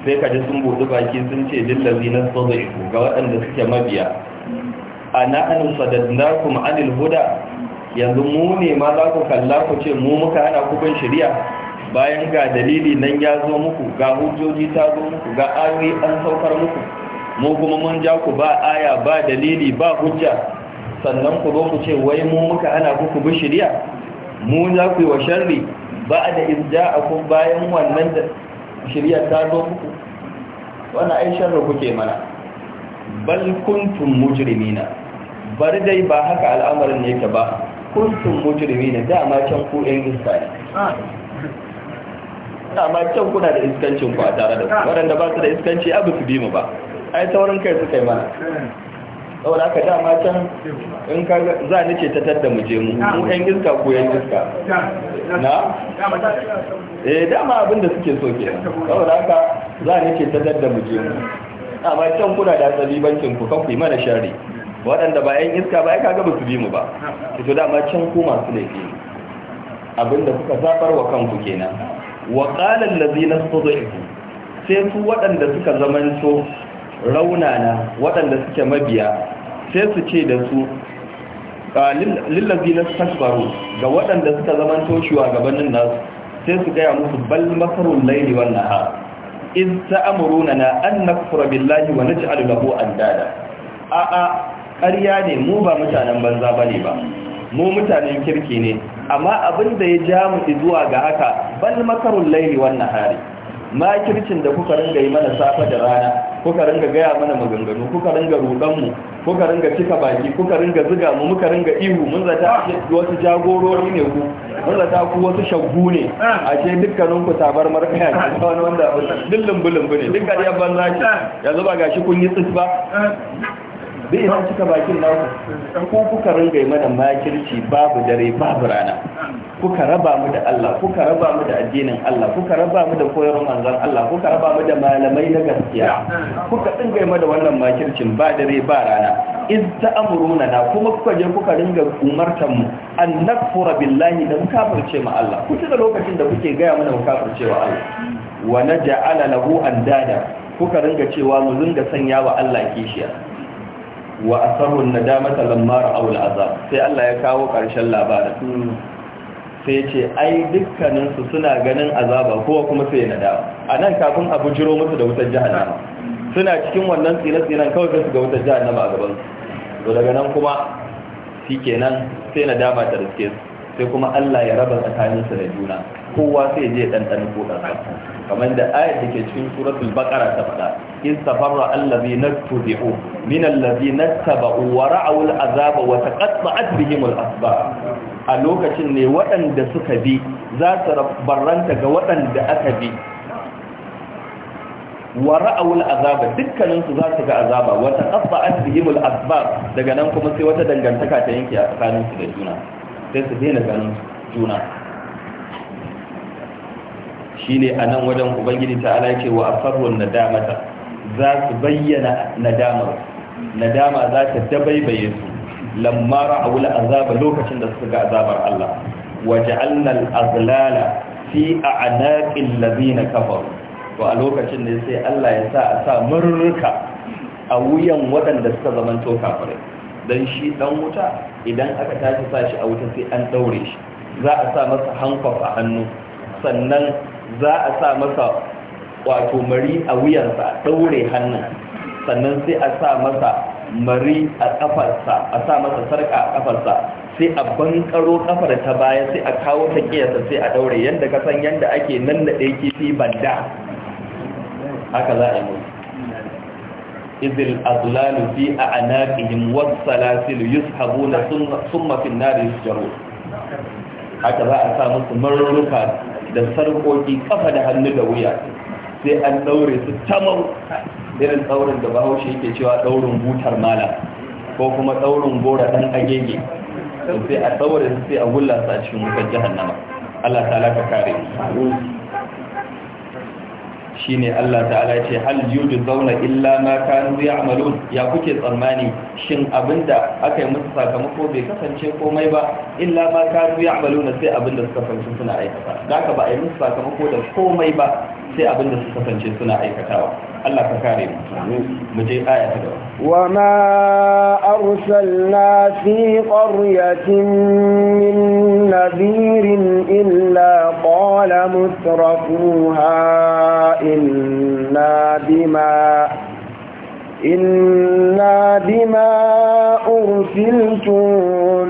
sai ka ji sun buɗi baki sun ce lillazi na sadaiku ga waɗanda suke mabiya a na'anu kuma anil huda yanzu mu ne ma za ku kalla ku ce mu muka hana ku bin shari'a bayan ga dalili nan ya zo muku ga hujjoji ta zo muku ga ayoyi an saukar muku mu kuma mun ja ku ba aya ba dalili ba hujja sannan ku zo ku ce wai mu muka hana ku ku bi mu za ku yi wa sharri ba da izja'akum bayan wannan shirya ta zo muku wannan ai sharri kuke mana bal kuntum mujrimina bari dai ba haka al'amarin yake ba kuntum mujrimina dama can ku ɗan iska ne dama can kuna da iskancin ku a tare da ku waɗanda ba su da iskanci abu su bi mu ba ai taurin kai su kai mana saboda aka dama can in ka za ni ce ta tadda mu je mu mu ɗan iska ko yan iska na eh dama abin da suke so ke saboda aka za ni ce ta tadda mu je mu amma can kuna da tsari bankin ku kan ku yi mana shari waɗanda ba yan iska ba ya kaga ba su bi mu ba to dama can ku masu laifi abin da kuka zabar wa kanku kenan wa qala allazina stud'ifu sai su waɗanda suka zamanto raunana waɗanda suke mabiya sai su ce da su lillazi na tasbaru ga waɗanda suka zama toshiwa gabanin nasu sai su gaya musu bal masarun laili wannan nahar in na an wani billahi wa naj'alu an dada a a ƙarya ne mu ba mutanen banza bane ba mu mutanen kirki ne amma abin da ya ja mu zuwa ga haka bal makarun laili wannan hari. makircin da kuka ringa yi mana safa da rana kuka ringa gaya mana maganganu kuka ringa rudan mu kuka ringa cika baki kuka ringa ziga mu muka ringa ihu mun zata wasu jagorori ne ku mun zata ku wasu shaggu ne a ce dukkanin ku tabar markaya ce wani wanda duk lumbu lumbu ne duk gariyan banza ce yanzu ba gashi kun yi tsif ba bai ina cika bakin naku ku kuka ringa yi mana makirci babu dare babu rana kuka raba mu da Allah kuka raba mu da addinin Allah kuka raba mu da koyarwar manzon Allah kuka raba mu da malamai na gaskiya kuka dinga mu da wannan makircin ba dare ba rana iz ta'muruna na kuma kuka je kuka dinga umartan mu an nakfura billahi da kafirce mu Allah kuka da lokacin da kuke gaya mana mu kafirce wa Allah wa naj'ala lahu andada kuka ringa cewa mu ringa sanya wa Allah kishiya wa asarru nadamata lamma ra'aw al'azab sai Allah ya kawo karshen labarin hmm. sai ce ai dukkaninsu suna ganin azaba kowa kuma sai na nadawa a nan kafin a bujiro musu da wutar jahannama suna cikin wannan tsire-tsiren kawai sai su ga wutar jahannama a gaban su daga nan kuma shi kenan sai dama ta riske su sai kuma Allah ya raba tsakaninsu da juna kowa sai je ɗanɗan kodarsa kamar da ayat da ke cikin suratul baqara ta faɗa in safarra allazi nattabi'u min allazi nattaba'u wa ra'awul azaba wa taqatta'at bihim al-asbab a lokacin ne waɗanda suka bi za su barranta ga waɗanda aka bi wa ra'awul azaba dukkanin su za su ga azaba wa taqatta'at bihimul asbab daga nan kuma sai wata dangantaka ta yanke a tsakanin su da juna sai su daina ganin juna shine anan wajen ubangiji ta ala yake wa asarrun nadamata za su bayyana nadama nadama za ta dabaibaye su lamma ra'awul azaba lokacin da suka ga azabar Allah waje al-azlala fi a'naqil ladina kafaru to a lokacin ne sai Allah ya sa a sa murruka a wuyan waɗanda suka zamanta kafare dan shi dan wuta idan aka tashi sa a wuta sai an daure shi za a sa masa hankof a hannu sannan za a sa masa wato mari a wuyansa a daure hannun sannan sai a sa masa mari a kafarsa a sa masa sarka a kafarsa sai a bankaro kafar ta baya sai a kawo ta kiyasa sai a daure yadda ka san yadda ake nan da ɗaya kifi banda haka za a yi izil azlalu fi a anaqihim was yushabuna thumma fi nari nar haka za a sa musu marruka da sarƙoƙi kafa da hannu da wuya sai an daure su tamau irin tsaurin da bahaushe yake cewa tsaurin butar mala ko kuma tsaurin gora ɗan agege to sai a tsaure sai a gulla su a cikin wutar jahannama Allah ta'ala ka kare shi ne Allah ta'ala ya ce hal yuju zauna illa ma kanu ya'malun ya kuke tsammani shin abinda aka yi musu sakamako bai kasance komai ba illa ma kanu ya'malun sai abinda suka fanci suna aikata da ka ba a yi musu sakamako da komai ba sai abin da su kasance suna aikatawa Allah ka kare mu mu je aya ta gaba wa ma arsalna fi qaryatin min nadirin illa qala mutrafuha inna bima إنا بما أرسلتم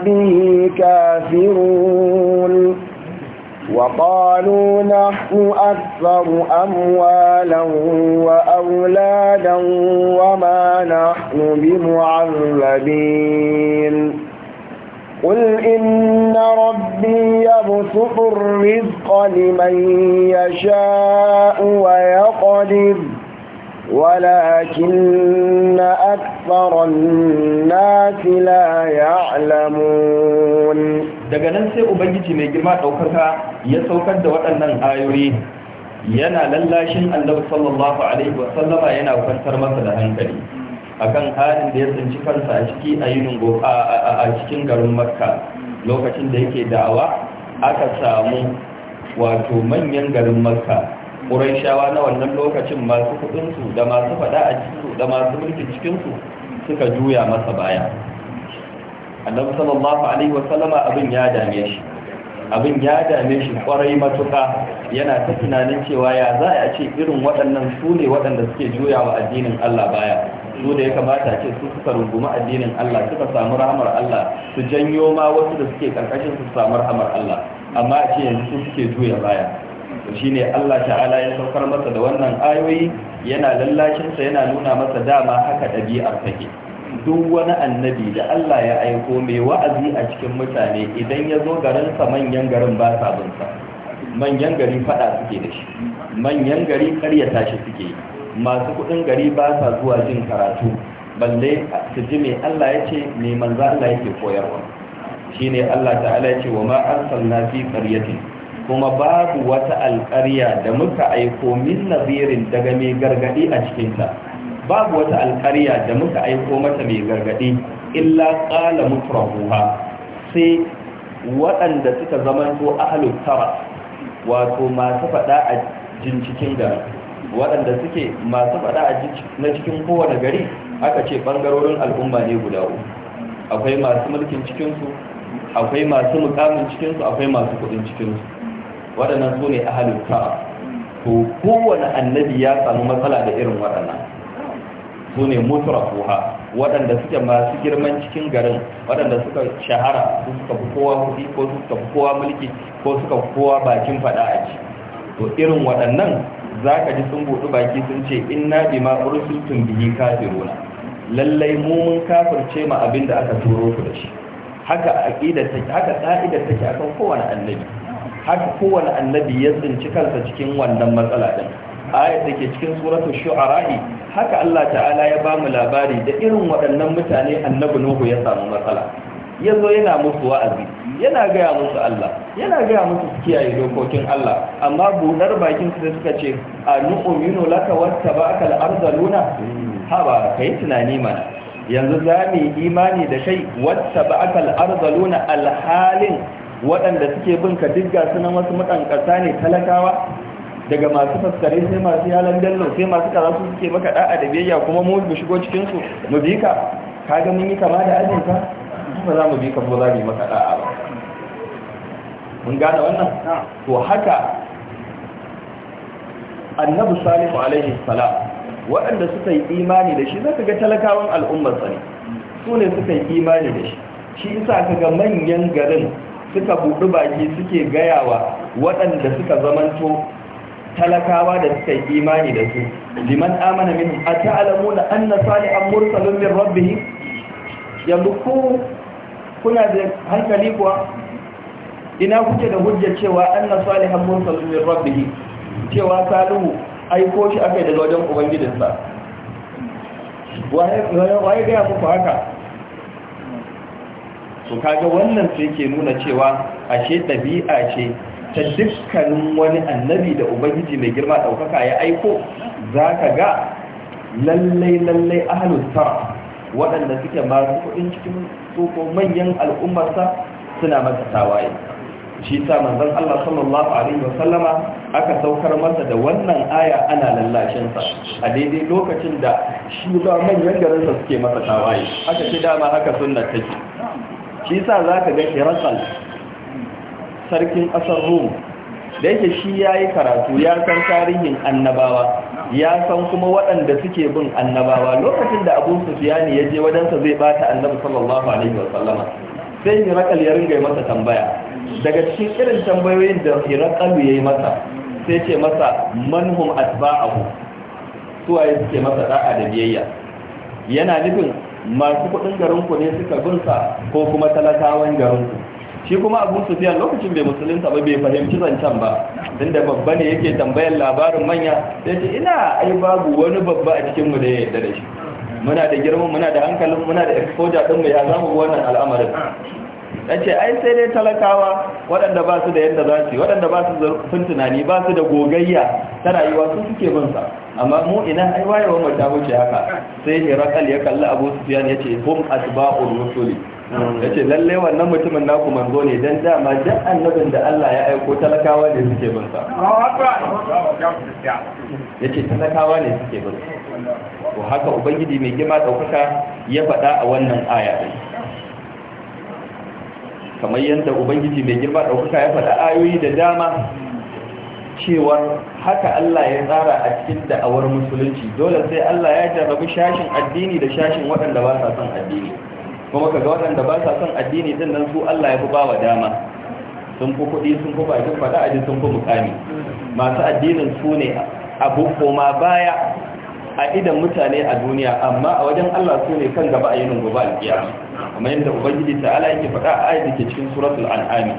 به كافرون وقالوا نحن أكثر أموالا وأولادا وما نحن بمعذبين قل إن ربي يبسط الرزق لمن يشاء ويقدر ولكن أكثر الناس لا يعلمون daga nan sai ubangiji mai girma ɗaukaka ya saukar da waɗannan ayoyi yana lallashin annabi sallallahu alaihi wasallama yana kwantar masa da hankali akan halin da ya tsinci kansa a ciki a yinin a cikin garin makka lokacin da yake da'awa aka samu wato manyan garin makka ƙuraishawa na wannan lokacin masu kuɗinsu da masu faɗa a cikinsu da masu mulkin cikinsu suka juya masa baya annabi sallallahu alaihi wasallama abin ya dame shi abin ya dame shi kwarai matuka yana ta tunanin cewa ya za a ce irin waɗannan su ne waɗanda suke juya wa addinin Allah baya su da ya kamata ce su suka rungumi addinin Allah suka samu rahamar Allah su janyo ma wasu da suke karkashin su samu rahamar Allah amma a ce yanzu su suke juya baya shi ne Allah ta'ala ya saukar masa da wannan ayoyi yana lallashinsa yana nuna masa dama haka ɗabi'ar take duk wani annabi da Allah ya aiko mai wa'azi a cikin mutane idan ya zo garinsa manyan garin ba sa binsa manyan gari fada suke da shi manyan gari karyata shi suke masu kudin gari ba sa zuwa jin karatu balle su ji mai Allah ya ce mai manzo Allah yake koyarwa shine Allah ta'ala ya ce wa ma arsalna fi qaryatin kuma babu wata alƙarya da muka aiko min nazirin daga mai gargadi a cikinta babu wata alƙarya da muka aiko mata mai gargaɗi illa ƙala mutrafuha sai waɗanda suka zamanto ahlul tara wato masu faɗa a cikin gari waɗanda suke masu faɗa a na cikin kowane gari aka ce ɓangarorin al'umma ne guda uku akwai masu mulkin cikinsu akwai masu mukamin cikinsu akwai masu kuɗin cikinsu waɗannan su ne ahlul tara to kowane annabi ya samu matsala da irin waɗannan su ne mutrafuha waɗanda suke masu girman cikin garin waɗanda suka shahara su suka fi kowa kuɗi ko su suka fi kowa mulki ko suka fi kowa bakin faɗa a ci to irin waɗannan za ka ji sun buɗi baki sun ce in na bi ma ursultum bihi kafiruna lallai mu mun kafirce ma abin da aka turo ku da shi haka aqida take haka ka'ida take akan kowane annabi haka kowane annabi ya tsinci kansa cikin wannan matsala din ayat da ke cikin suratul shu'ara'i haka Allah ta'ala ya ba mu labari da irin waɗannan mutane annabi Nuhu ya samu matsala Yanzu yana musu wa'azi yana gaya musu Allah yana gaya musu kiyaye dokokin Allah amma buɗar bakin su suka ce a nu'minu laka wattaba'aka al-arzaluna haba kai tunani mana yanzu za mu imani da kai wattaba'aka al-arzaluna halin waɗanda suke bin ka duk na sunan wasu mutan ƙasa ne talakawa daga masu fassare sai masu yalan dallo sai masu kaza su suke maka da'a da biyayya kuma mu mu shigo cikin su mu bi ka kaga mun yi kama da ajin ka ba za mu bi ka ko za mu yi maka da'a ba mun gane wannan to haka annabi salihu alaihi salam waɗanda suka yi imani da shi za ka ga talakawan al'ummar sani su ne suka yi imani da shi shi isa ga manyan garin suka buɗi baki suke gayawa waɗanda suka zamanto talakawa da suka yi imani da su liman amana min a ta'alamu na anna salihan mursalun min rabbih yanzu ku kuna da hankali kuwa ina kuke da hujjar cewa anna salihan mursalun min rabbih cewa salihu aiko shi akai daga wajen ubangijinsa waye gaya ku haka to kaga wannan sai ke nuna cewa ashe ɗabi'a ce ta dukkanin wani annabi da ubangiji mai girma ɗaukaka ya aiko za ka ga lallai lallai ahalusta waɗanda suke masu kuɗin cikin tsoko manyan al'ummarsa suna masa tawaye shi sa manzon Allah sallallahu alaihi wasallama aka saukar masa da wannan aya ana lallashin a daidai lokacin da shi ba manyan garin suke masa tawaye aka ce dama haka sunnar take shi sa zaka ga shi rasal sarkin ƙasar rum da yake shi ya yi karatu ya san tarihin annabawa ya san kuma waɗanda suke bin annabawa lokacin da abu sufiyani ya je wadansa zai bata annabi sallallahu alaihi wasallama sai hirakal ya ringa masa tambaya daga cikin irin tambayoyin da hirakal ya yi masa sai ce masa manhum atba'ahu suwaye suke masa da'a da biyayya yana nufin masu kuɗin garinku ne suka bin sa ko kuma talakawan garinku shi kuma abu sufiyan lokacin bai musulunta ba bai fahimci zancen ba inda babba ne yake tambayar labarin manya sai ce ina ai babu wani babba a cikinmu da ya yarda da shi muna da girman muna da hankalin muna da exposure ɗinmu ya zamu wannan al'amarin ya ce ai sai dai talakawa waɗanda ba su da yadda za su yi waɗanda ba su sun tunani ba su da gogayya ta rayuwa su suke bin sa amma mu ina ai mu ta wuce haka sai hirakal ya kalli abu sufiyan ya ce hum asba'ul rusuli ya ce lalle wannan mutumin naku manzo ne don dama duk annabin da Allah ya aiko talakawa ne suke bin sa ya ce talakawa ne suke bin sa to haka ubangiji mai gima ɗaukaka ya faɗa a wannan aya ɗin kamar yadda ubangiji mai girma ɗaukaka ya faɗa ayoyi da dama cewa haka Allah ya tsara a cikin da'awar musulunci dole sai Allah ya jarrabi shashin addini da shashin waɗanda ba sa son addini kuma ga waɗanda ba sa son addini din nan su Allah ya fi bawa dama sun fi kuɗi sun fi bakin faɗa sun fi mukami masu addinin su ne abu koma baya a idan mutane a duniya amma a wajen Allah su ne kan gaba a yinin ba alƙiyama kamar yadda ubangiji ta'ala yake faɗa a ayat ke cikin suratul an'am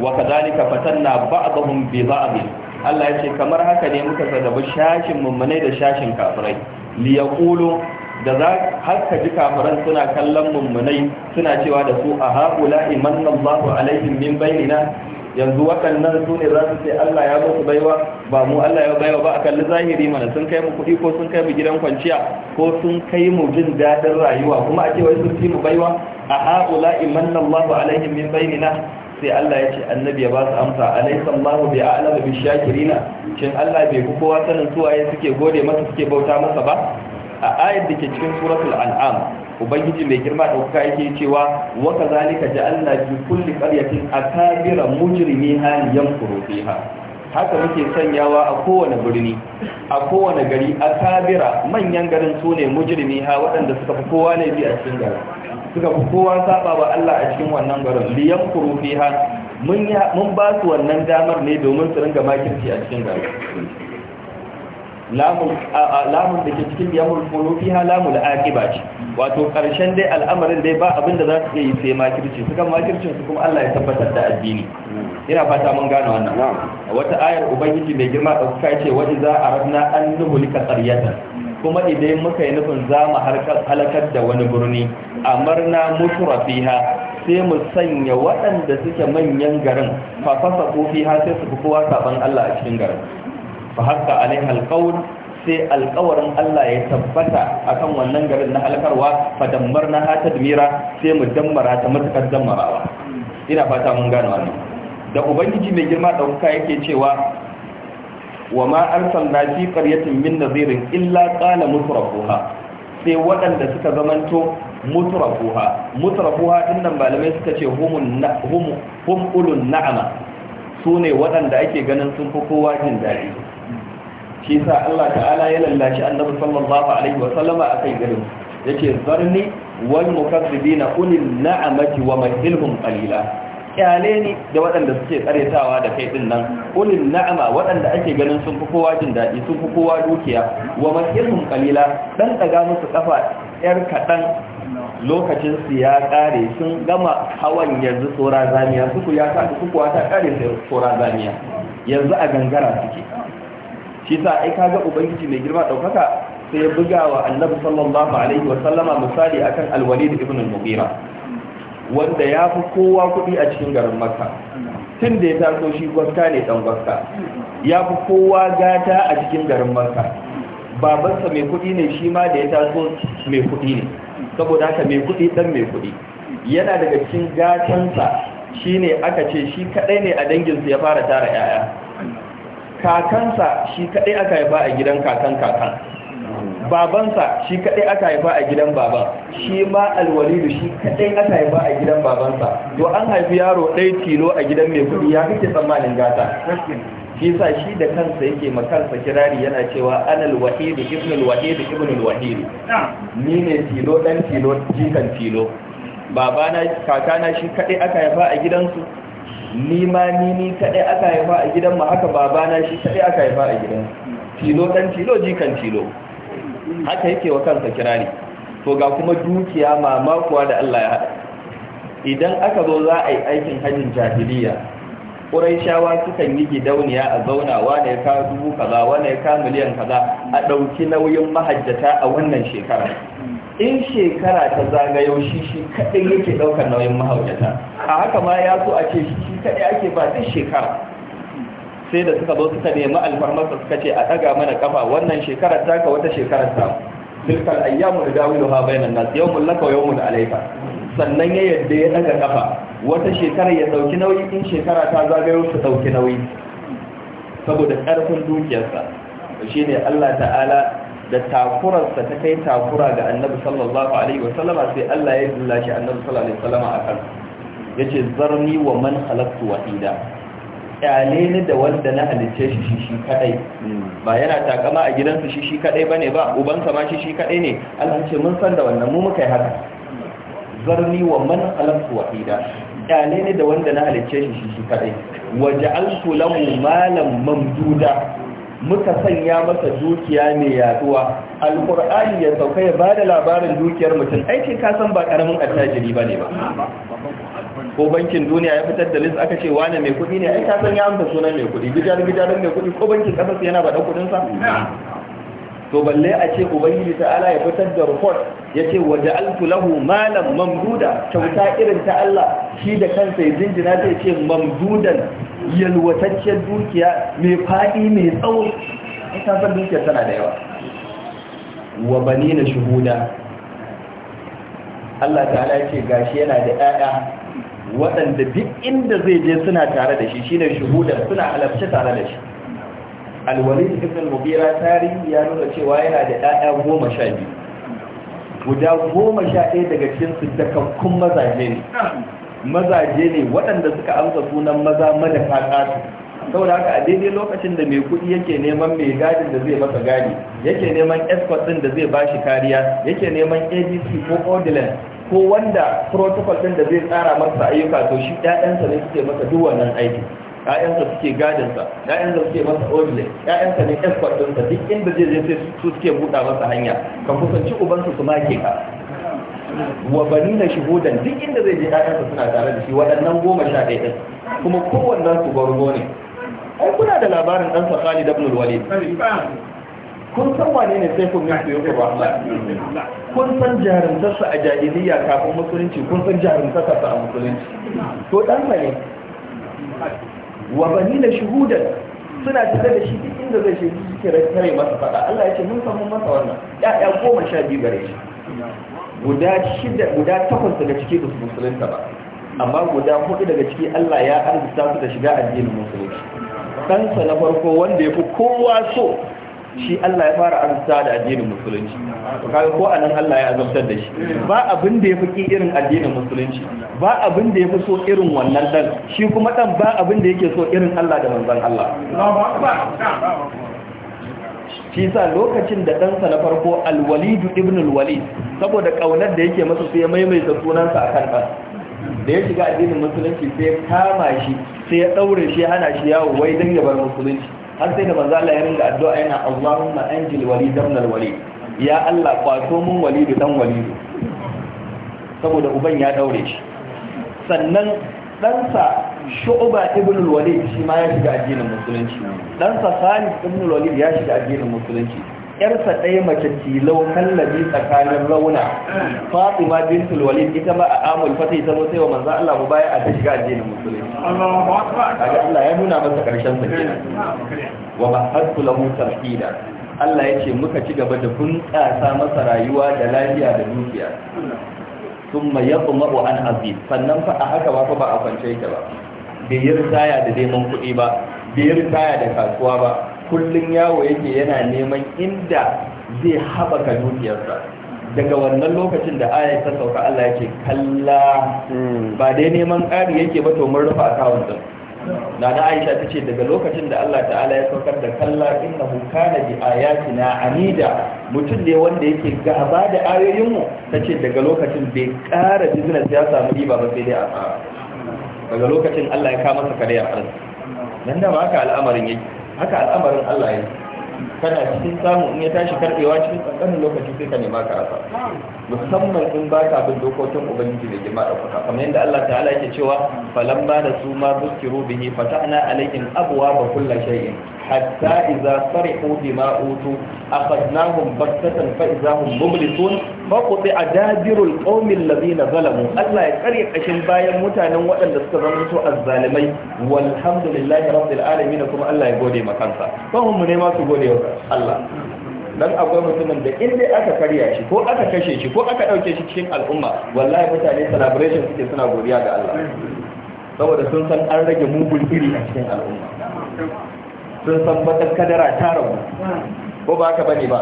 wa kadhalika fatanna ba'dahum bi ba'd Allah ya ce kamar haka ne muka sadaba shashin mummunai da shashin kafirai li da za har ka ji kafiran suna kallon mummunai suna cewa da su a haƙula imanna Allahu alaihim min bainina yanzu waɗannan su ne za su sai Allah ya su baiwa ba mu Allah ya baiwa ba a kalli zahiri mana sun kai mu kuɗi ko sun kai mu gidan kwanciya ko sun kai mu jin daɗin rayuwa kuma a cewa sun fi mu baiwa a haƙula imanna Allahu alaihim min bainina sai Allah ya ce annabi ya ba su amsa alaysa Allahu bi a'lamu bi shakirina shin Allah bai ku kowa sanin su waye suke gode masa suke bauta masa ba a ayar da ke cikin suratul an'am ubangiji mai girma dauka yake cewa wa kazalika ja'alna fi kulli qaryatin akabira mujrimiha yamkuru fiha haka muke sanyawa a kowane birni a kowane gari akabira manyan garin su ne mujrimiha waɗanda suka fi kowa ne bi a cikin garin suka fi kowa saba wa Allah a cikin wannan garin li kuru fiha mun ba su wannan damar ne domin su ringa makirci a cikin garin lamun da ke cikin yamul fiha lamul aqiba ce wato karshen dai al'amarin dai ba abinda za su yi sai makirci su kan makircin su kuma Allah ya tabbatar da addini ina fata mun gane wannan wata ayar ubangiji mai girma ɗauka ce waje za a rabna an nuhulika qaryatan kuma idan muka yi nufin za mu halakar da wani birni amarna mutu rafiha sai mu sanya waɗanda suke manyan garin fafasa ko ha sai su fi kowa saban Allah a cikin garin fa haka alaiha alqawl sai alƙawarin Allah ya tabbata akan wannan garin na halkarwa fa dammarna ha tadmira sai mu dammara ta matakar dammarawa ina fata mun gane wannan da ubangiji mai girma dauka yake cewa wa ma arsalna fi qaryatin min nadhirin illa qala mutrafuha sai waɗanda suka zamanto mutrafuha mutrafuha din nan malamai suka ce humu hum hum ulun na'ama sune waɗanda ake ganin sun fi kowa jin daɗi shi sa Allah ta'ala ya lallashi annabi sallallahu alaihi wa sallama akan irin yace zarni wal mukazzibina ulil na'amati wa mahilhum qalila kyale ni da waɗanda suke karetawa da kai din nan ulil na'ama waɗanda ake ganin sun fi kowa jin daɗi sun fi kowa dukiya wa mahilhum qalila dan daga musu kafa yar kaɗan lokacin su ya kare sun gama hawan yanzu tsora zamiya suku ya ta suku ta kare sai tsora zamiya yanzu a gangara suke shi sa ai kaga ubangiji mai girma daukaka sai ya buga wa annabi sallallahu alaihi wa sallama misali akan al-walid ibn al-mughira wanda ya fi kowa kuɗi a cikin garin makka tun da ya taso shi gwaska ne dan gwaska ya fi kowa gata a cikin garin makka babansa mai kuɗi ne shi ma da ya taso mai kuɗi ne saboda haka mai kuɗi dan mai kuɗi yana daga cikin gatansa shine aka ce shi kadai ne a danginsa ya fara tara 'ya'ya kakansa shi kaɗai aka haifa a gidan kakan kakan babansa shi kaɗai aka haifa a gidan baban shi ma alwalidu shi kaɗai aka haifa a gidan babansa to an haifi yaro ɗai tilo a gidan mai kuɗi ya kake tsammanin gata shi sa shi da kansa yake makarsa kirari yana cewa anal wahidu ibnul wahidu ibnul wahidu ni ne tilo ɗan tilo jikan tilo babana kakana shi kaɗai aka haifa a gidansu ni ma ni ni kadai aka haifa a gidan mu haka babana shi kadai aka haifa a gidan tilo dan tilo jikan tilo haka yake wa kansa kirari to ga kuma dukiya mama, kuwa da Allah ya hada idan aka zo za a yi aikin hajjin jahiliya ƙuraishawa sukan yi gidauniya a zauna wane ya dubu kaza wane ya miliyan kaza a ɗauki nauyin mahajjata a wannan shekara in shekara ta zagayo shi shi kaɗai yake ɗaukar nauyin mahaukata a haka ma ya so a ce shi shi kaɗai ake ba duk shekara sai da suka zo suka nemi alfarmarsa suka ce a ɗaga mana kafa wannan shekarar taka wata shekarar ta dukkan ayyamu da dawilu ha bainan nas yawmul laka wa yawmul alayka sannan ya yadda ya ɗaga kafa wata shekara ya ɗauki nauyi in shekara ta zagayo su ɗauki nauyi saboda ƙarfin dukiyarsa shine Allah ta'ala da takurarsa ta kai takura ga annabi sallallahu alaihi wasallama sai Allah ya shi annabi sallallahu alaihi wasallama akan yace zarni wa man khalaqtu wahida kyale ni da wanda na halice shi shi shi kadai ba yana takama a gidansa shi shi kadai bane ba ubansa ma shi shi kadai ne Allah ce mun san da wannan mu muka yi haka zarni wa man khalaqtu wahida kyale ni da wanda na halice shi shi shi kadai waja'altu lahu malan mamduda muka sanya masa dukiya mai yaduwa alkur'ani ya sauka ya bada labarin dukiyar mutum aikin kasan ba karamin attajiri bane ba ko bankin duniya ya fitar da list aka ce wane mai kuɗi ne ai kasan ya amsa sunan mai kuɗi gijar gijar mai kuɗi ko bankin kasa yana baɗa sa to balle a ce ubangiji ta'ala ya fitar da report ya ce waje lahu malam mamduda kyauta irin ta Allah shi da kansa ya jinjina zai ce mamdudan yalwataccen dukiya mai faɗi mai tsawo ita san dukiya tana da yawa wa banina shuhuda Allah ta'ala ya ce gashi yana da 'ya'ya waɗanda duk inda zai je suna tare da shi shine shuhuda suna halarci tare da shi alwalin ibn al mubira tarihi ya nuna cewa yana da ɗaya goma sha biyu guda goma sha ɗaya daga cikin su dakakkun mazaje ne mazaje ne waɗanda suka amsa sunan maza madafa ƙasu saboda haka a daidai lokacin da mai kuɗi yake neman mai gadin da zai masa gadi yake neman escort ɗin da zai bashi kariya yake neman abc ko odilan, ko wanda protocol ɗin da zai tsara masa ayyuka to shi ɗaɗansa ne suke masa duk wannan aiki ƴaƴansa suke gadinsa ƴaƴansa suke masa ojile ƴaƴansa ne escort ɗinsa duk inda zai je sai su suke buɗa masa hanya ka kusanci ubansa su make ka wa bani na shuhudan duk inda zai je ƴaƴansa suna tare da shi waɗannan goma sha ɗaya ɗin kuma kowannen su gwargo ne ai kuna da labarin ɗansa Khalid ibn al-Walid kun san wane ne sai kun su yau ba kun san jarumtarsa a jahiliya kafin musulunci kun san jarumtarsa a musulunci to dan ne wa na shuhudan suna tare da shi duk inda zai shi suke rai masa fada Allah ya ce mun samu masa wannan ya'ya goma sha biyu gare shi guda shida guda takwas daga ciki ba su musulunta ba amma guda hudu daga ciki Allah ya arzuta su da shiga addinin musulunci kansa na farko wanda ya fi kowa so shi Allah ya fara arzuta da addinin musulunci to kaga ko anan Allah ya azabtar da shi ba abin da yafi ki irin addinin musulunci ba abin da yafi so irin wannan dan shi kuma dan ba abin da yake so irin Allah da manzon Allah shi sa lokacin da ɗansa na farko alwalidu ibn al-walid saboda ƙaunar da yake masa sai maimaita sunansa a kan ɗan da ya shiga addinin musulunci sai ya kama shi sai ya daure shi hana shi yawo wai dan ya bar musulunci har sai da manzo Allah ya ringa addu'a yana Allahumma anjil walid ibn al-walid ya Allah kwato mun walid dan walid saboda uban ya daure shi sannan ɗansa shu'uba ibn al-walid shi ma ya shiga addinin musulunci ɗansa salih ibn al-walid ya shiga addinin musulunci yarsa ɗaya mace tilau kallabi tsakanin rauna fatima bintul walid ita ba a amul fata ita sai wa manzo Allah mu baya a ta shiga addinin musulmi Allahu akbar Allah ya nuna masa karshen sa kenan wa bahadtu lahu Allah ce muka ci gaba da bunƙasa masa rayuwa da lafiya da dukiya thumma yatma'u an azim. sannan fa a haka ba fa ba a kwance ta ba bai yi ritaya da neman kuɗi ba bai yi ritaya da kasuwa ba kullum yawo yake yana neman inda zai haɓaka dukiyarsa daga wannan lokacin da aya ta sauka Allah yake kalla hmm. ba dai neman ƙari yake ba to mun rufe akawun din na na Aisha ta ce daga lokacin da Allah ta'ala ya saukar da kalla innahu kana bi ayatina anida mutum ne wanda yake gaba da ayoyin mu ce daga lokacin bai ƙara business ya samu riba ba sai dai a daga lokacin Allah ya kama masa kare a arziki nan da ba haka al'amarin yake haka al'amarin Allah ya kana cikin samu in ya tashi karbewa cikin kankanin lokaci sai ka nema ka rasa musamman in ba ka bin dokokin ubangiji da girma ɗaukaka kamar yadda Allah ta'ala yake cewa falamma da su ma zukiru bihi fata'na alaihim abwa ba kulli shay'in hatta idza farihu bima utu akhadnahum baghtatan fa idza hum mublisun fa a dabirul qaumi alladhina zalamu Allah ya kare kashin bayan mutanen waɗanda suka zama su azzalimai walhamdulillahi rabbil alamin kuma Allah ya gode kansa. fa hum ne ma su gode wa Allah dan akwai mutumin da in aka karya shi ko aka kashe shi ko aka dauke shi cikin al'umma wallahi mutane celebration suke suna godiya ga Allah saboda sun san an rage mugun iri a cikin al'umma sun san batar kadara ta rabu ko ba ka bane ba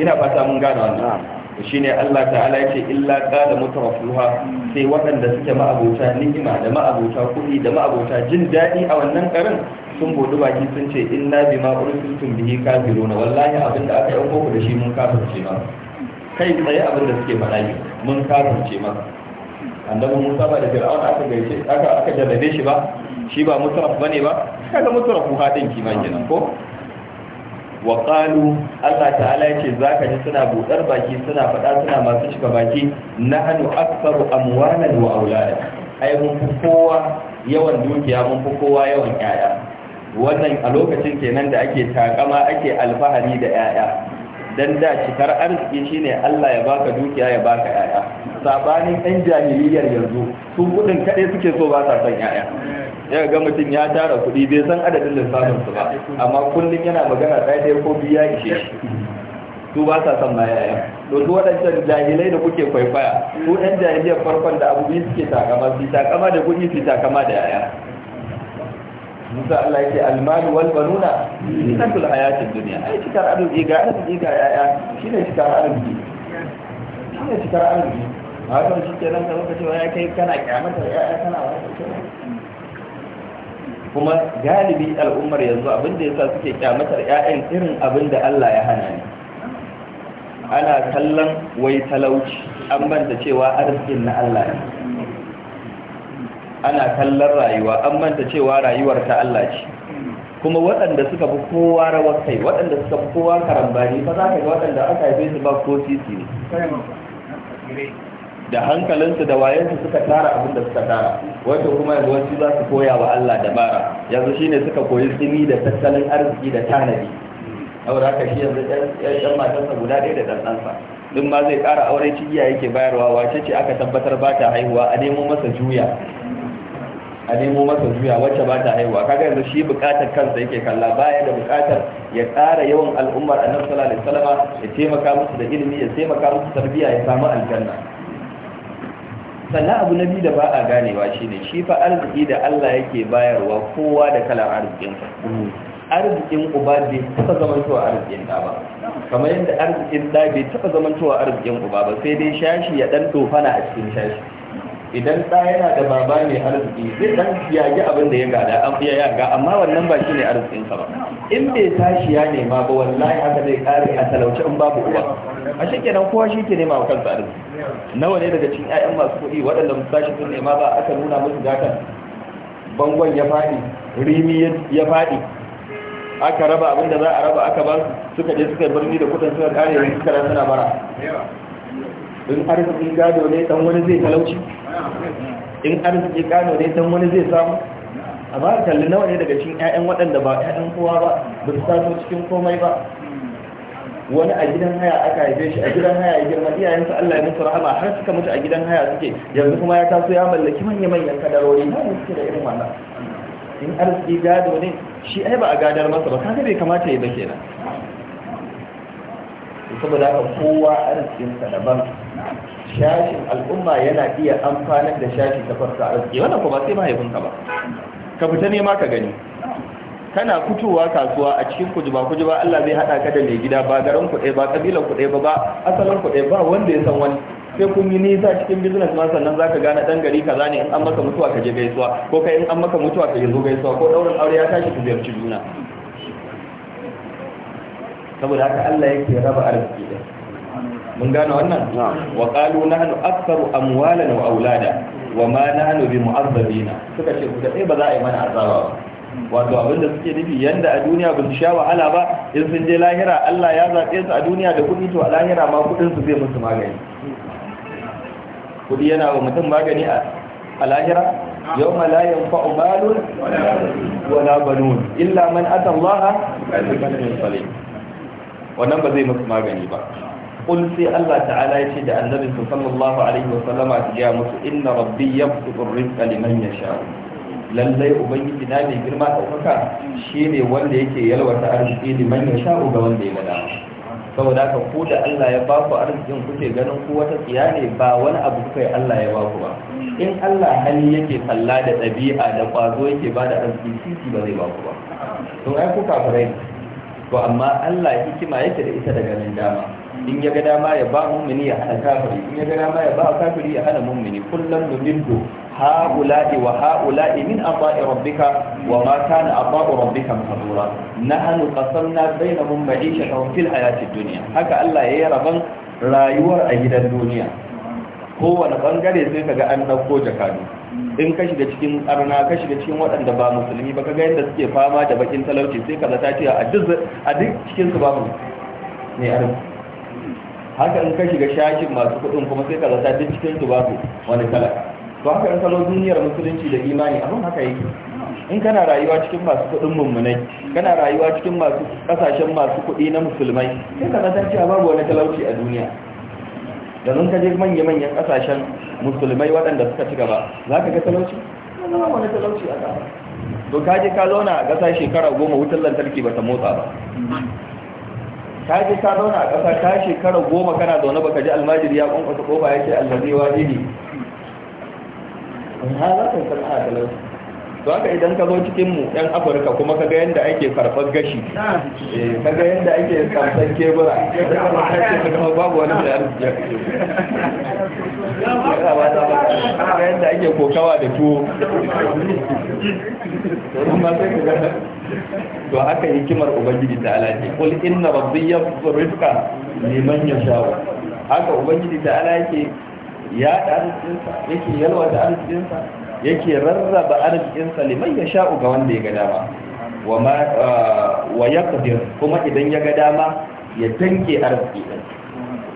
ina fata mun gane wannan shine Allah ta'ala yace illa qala mutarafuha sai waɗanda suke ma'abuta ni'ima da ma'abuta kuɗi da ma'abuta jin daɗi a wannan karin sun bude baki sun ce inna bima ursiltum bihi kafiruna wallahi abinda aka dauko ku da shi mun kafirce ma kai tsaye abinda suke faɗa ne mun kafirce ma annabi Musa ba da Fir'aun aka gaice aka aka jarrabe shi ba shi ba mutaraf bane ba kaga mutarafu hadin ma kenan ko wa qalu Allah ta'ala yace zaka ji suna budar baki suna faɗa suna masu shiga baki nahnu aktsaru amwalan wa aulada ai mun fi kowa yawan dukiya mun fi kowa yawan yaya wannan a lokacin kenan da ake takama ake alfahari da 'ya'ya dan da cikar arziki shine Allah ya baka dukiya ya baka 'ya'ya sabanin ɗan jahiliyar yanzu su kudin kaɗai suke so ba sa son 'ya'ya ya ga mutum ya tara kuɗi bai san adadin lissafin su ba amma kullum yana magana ɗaya ɗaya ko biyu ya ishe shi su ba sa son ma 'ya'ya. to su waɗancan jahilai da kuke kwaikwaya su ɗan jahiliyar farkon da abubuwa suke takama su takama da kuɗi su takama da yaya musa Allah yake almalu wal banuna zinatul hayatid dunya ai cikar arziki ga arziki ga yaya shine cikar arziki shine cikar arziki a wannan shi kenan ka lokaci wa ya kai kana kyamatar yaya kana wani kuma galibi al'ummar yanzu abinda yasa suke kyamatar yayan irin abinda Allah ya hana ni ana kallon wai talauci an banta cewa arzikin na Allah ne ana kallon rayuwa an manta cewa rayuwar ta Allah ce kuma waɗanda suka fi kowa rawar kai waɗanda suka fi kowa karambani fa za ka ga waɗanda aka haife su ba ko titi ne da hankalinsu da wayansu suka tara abin da suka tara wato kuma yanzu wasu za su koya wa Allah dabara yanzu shine suka koyi tsini da tattalin arziki da tanadi Yau haka shi yanzu ɗan matarsa guda ɗaya da ɗanɗansa duk ma zai ƙara aure cigiya yake bayarwa wace ce aka tabbatar ba ta haihuwa a nemo masa juya a nemo masa juya wacce ba ta haihuwa kaga yanzu shi bukatar kansa yake kalla baya da bukatar ya ƙara yawan al'ummar annabi sallallahu alaihi wasallama ya taimaka musu da ilimi ya taimaka musu tarbiyya ya samu aljanna sannan abu na biyu da ba a ganewa shine shi fa arziki da Allah yake bayarwa kowa da arzikin sa arzikin uba bai taba cewa arzikin da ba kamar yadda arzikin da bai taba cewa arzikin uba ba sai dai shashi ya dan tofana a cikin shashi idan ɗa yana da baba mai arziki zai ɗan yage abin da ya gada an fiye yaga amma wannan ba shi ne arzikin ba in bai tashi ya nema ba wallahi haka zai ƙare a talauci in babu uwa a shi kenan kowa shi ke nema wa kansa arziki nawa ne daga cikin 'ya'yan masu kuɗi waɗanda mu tashi sun nema ba aka nuna musu gatan bangon ya faɗi rimi ya faɗi aka raba abin da za a raba aka ba suka je suka birni da kuɗin suka ƙare suka suna bara in arziki gado ne dan wani zai talauci in arziki gado ne dan wani zai samu amma kalli nawa ne daga cikin ƴaƴan waɗanda ba ƴaƴan kowa ba ba su samu cikin komai ba wani a gidan haya aka haife shi a gidan haya ya girma su Allah ya musu rahama har suka mutu a gidan haya suke yanzu kuma ya taso ya mallaki manya manyan kadarori na ne suke da irin wannan in arziki gado ne shi ai ba a gadar masa ba kaga bai kamata ya ba kenan saboda haka kowa arzikinsa daban shashin al'umma yana iya amfanar da shashi ta a arziki wannan kuma sai mahaifinka ba ka fita nema ka gani kana fitowa kasuwa a cikin kuji ba Allah zai hada ka da mai gida ba garin ku ba kabilan ku ba ba asalin ku ba wanda ya san wani sai kun yi nisa cikin business ma sannan zaka gane dan gari kaza ne in an maka mutuwa ka je gaisuwa ko kai in an maka mutuwa ka zo gaisuwa ko daurin aure ya tashi ku ziyarci juna saboda haka Allah yake raba arziki din mun gano wannan wa qalu nahnu aktharu amwalan wa aulada wa ma nahnu bi mu'azzabina suka ce ku da ba za a yi mana azaba ba wato abinda suke nufi yanda a duniya ba su sha wahala ba in sun je lahira Allah ya zaɓe su a duniya da kuɗi to a lahira ma kuɗin su zai musu magani kuɗi yana wa mutum magani a lahira yau ma la yanfa umalun wala banun illa man ata bi qalbin salim wannan ba zai musu magani ba ce da الله تعالى sallallahu alaihi wa sallama الله عليه musu inna إن ربي يبسط الرزق لمن يشاء lallai ubangiji na mai girma ɗaukaka shi ne wanda yake yalwata arziki liman ya sha'u ga wanda ya gada saboda haka ko da Allah ya baku arzikin kuke ganin ku wata tsiya ne ba wani abu kai Allah ya baku ba in Allah hali yake kalla da ɗabi'a da kwazo yake ba da arziki sisi ba zai baku ba to ai ku kafirai to amma Allah ya hikima yake da ita daga nan dama in ya ga dama ya ba mummuni ya hana kafiri in ya ga dama ya ba kafiri ya hana mumini kullum numindu haula'i wa haula'i min aba'i rabbika wa ma kana aba'u rabbika mahzura nahnu qasamna bainahum ma'ishatahum fil hayatid dunya haka Allah ya yi rabon rayuwar a gidan duniya kowane bangare sai kaga an dauko jakadu in ka shiga cikin arna ka shiga cikin waɗanda ba musulmi ba kaga yadda suke fama da bakin talauci sai kaza ta ce a duk a duk cikin su babu ne arna haka in ka shiga shakin masu kuɗin kuma sai kaza ta duk cikin su babu wani kala to haka in salo duniyar musulunci da imani abin haka yake in kana rayuwa cikin masu kuɗin mummunai kana rayuwa cikin masu kasashen masu kuɗi na musulmai sai kaza ta ce babu wani talauci a duniya da ka je manya-manyan kasashen musulmai waɗanda suka ci gaba za ka ga talauci zama wani talauci a gaba to kaje ka zauna a ƙasa shekara goma wutar lantarki ba ta motsa ba kaje ka zauna a ƙasa ka shekara goma kana zaune baka ji almajiri ya ƙwanƙwasa ƙofa ya ce almazewa ne ne ha za ka san a talauci to haka idan ka zo cikin mu ɗan afirka kuma ka ga yadda ake karfar gashi eh, ka ga yadda ake karfar kebura da kuma babu wani da arziki ga yadda ake kokawa da tuwo to haka hikimar ubangiji ta alaƙi kul inna rabbi ya rifka liman ya shawo haka ubangiji ta alaƙi ya ɗan arzikinsa yake yalwa da arzikinsa yake rarraba arzikinsa liman ya sha'u ga wanda ya ga dama wa ah, ya kuma idan ya ga dama ya tanke arziki ɗin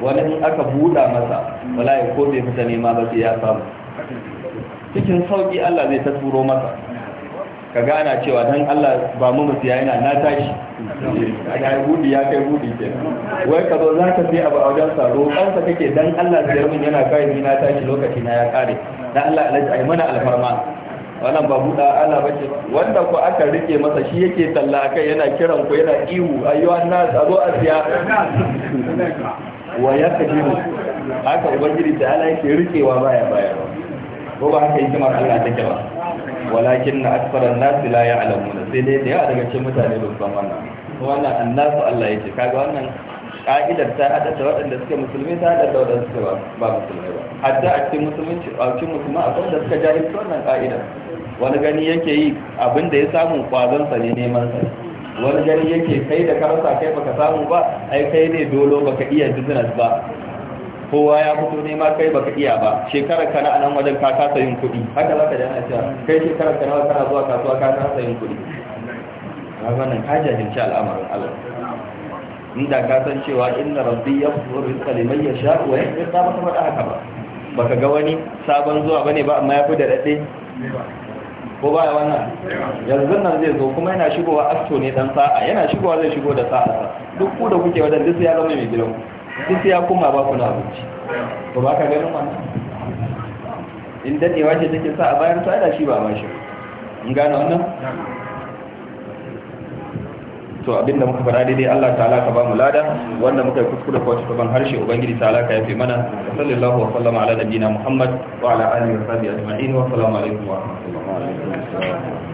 wani in aka buɗa masa wala ya ko bai fita nema ba sai ya samu cikin sauƙi Allah zai ta turo masa ka gana cewa dan Allah ba mu mu ya yana na tashi a da ya kai gudi ke wai ka zo za ka sai abu a wajen sa roƙonsa kake dan Allah zai mun yana kai ni na tashi lokaci na ya kare da Allah alaji ji mana alfarma wannan ba buɗa Allah ba ce wanda ku aka rike masa shi yake talla akai yana kiran ku yana ihu ayyuhan nas azo asiya wa mu? haka ubangiji ta Allah yake rikewa baya baya ko ba haka mar Allah take ba walakin na aksaran nasi la ya'lamun sai dai da ya daga cikin mutane ba san wannan wannan annas Allah yake kaga wannan ka'idar ta hada da waɗanda suke musulmi ta hada da waɗanda suke ba musulmi ba hatta a cikin musulunci a cikin musulma kan da suka jahilci wannan ka'idar wani gani yake yi abin da ya samu kwazon sa ne neman sa wani gani yake kai da karasa kai baka samu ba ai kai ne dolo baka iya business ba kowa ya fito nema kai baka iya ba shekarar kana a nan wajen ka kasa yin kuɗi haka za ka ji ana cewa kai shekarar kana kana zuwa kasuwa ka kasa yin kuɗi ka ga nan ka jahilci al'amarin Allah inda ka san cewa inna rabbi yafur rizqa liman yasha wa yaqdir ba ka haka ba baka ga wani sabon zuwa bane ba amma yafi da dade ko ba ya wannan yanzu nan zai zo kuma yana shigowa asto ne dan sa'a yana shigowa zai shigo da sa'a duk ku da kuke wadan duk ya zama mai gidan duk ya kuma ba ku na abinci to ba ka ganin wannan in dadewa ce take sa a bayan sa da shi ba ma shi in gano wannan to abinda muka fara daidai Allah ta'ala ka bamu lada wanda muka yi kuskure ko ta ban harshe ubangiji ta'ala ka yafe mana sallallahu wa sallama ala nabiyina muhammad wa ala alihi wa sahbihi ajma'in wa assalamu alaikum wa rahmatullahi wa barakatuh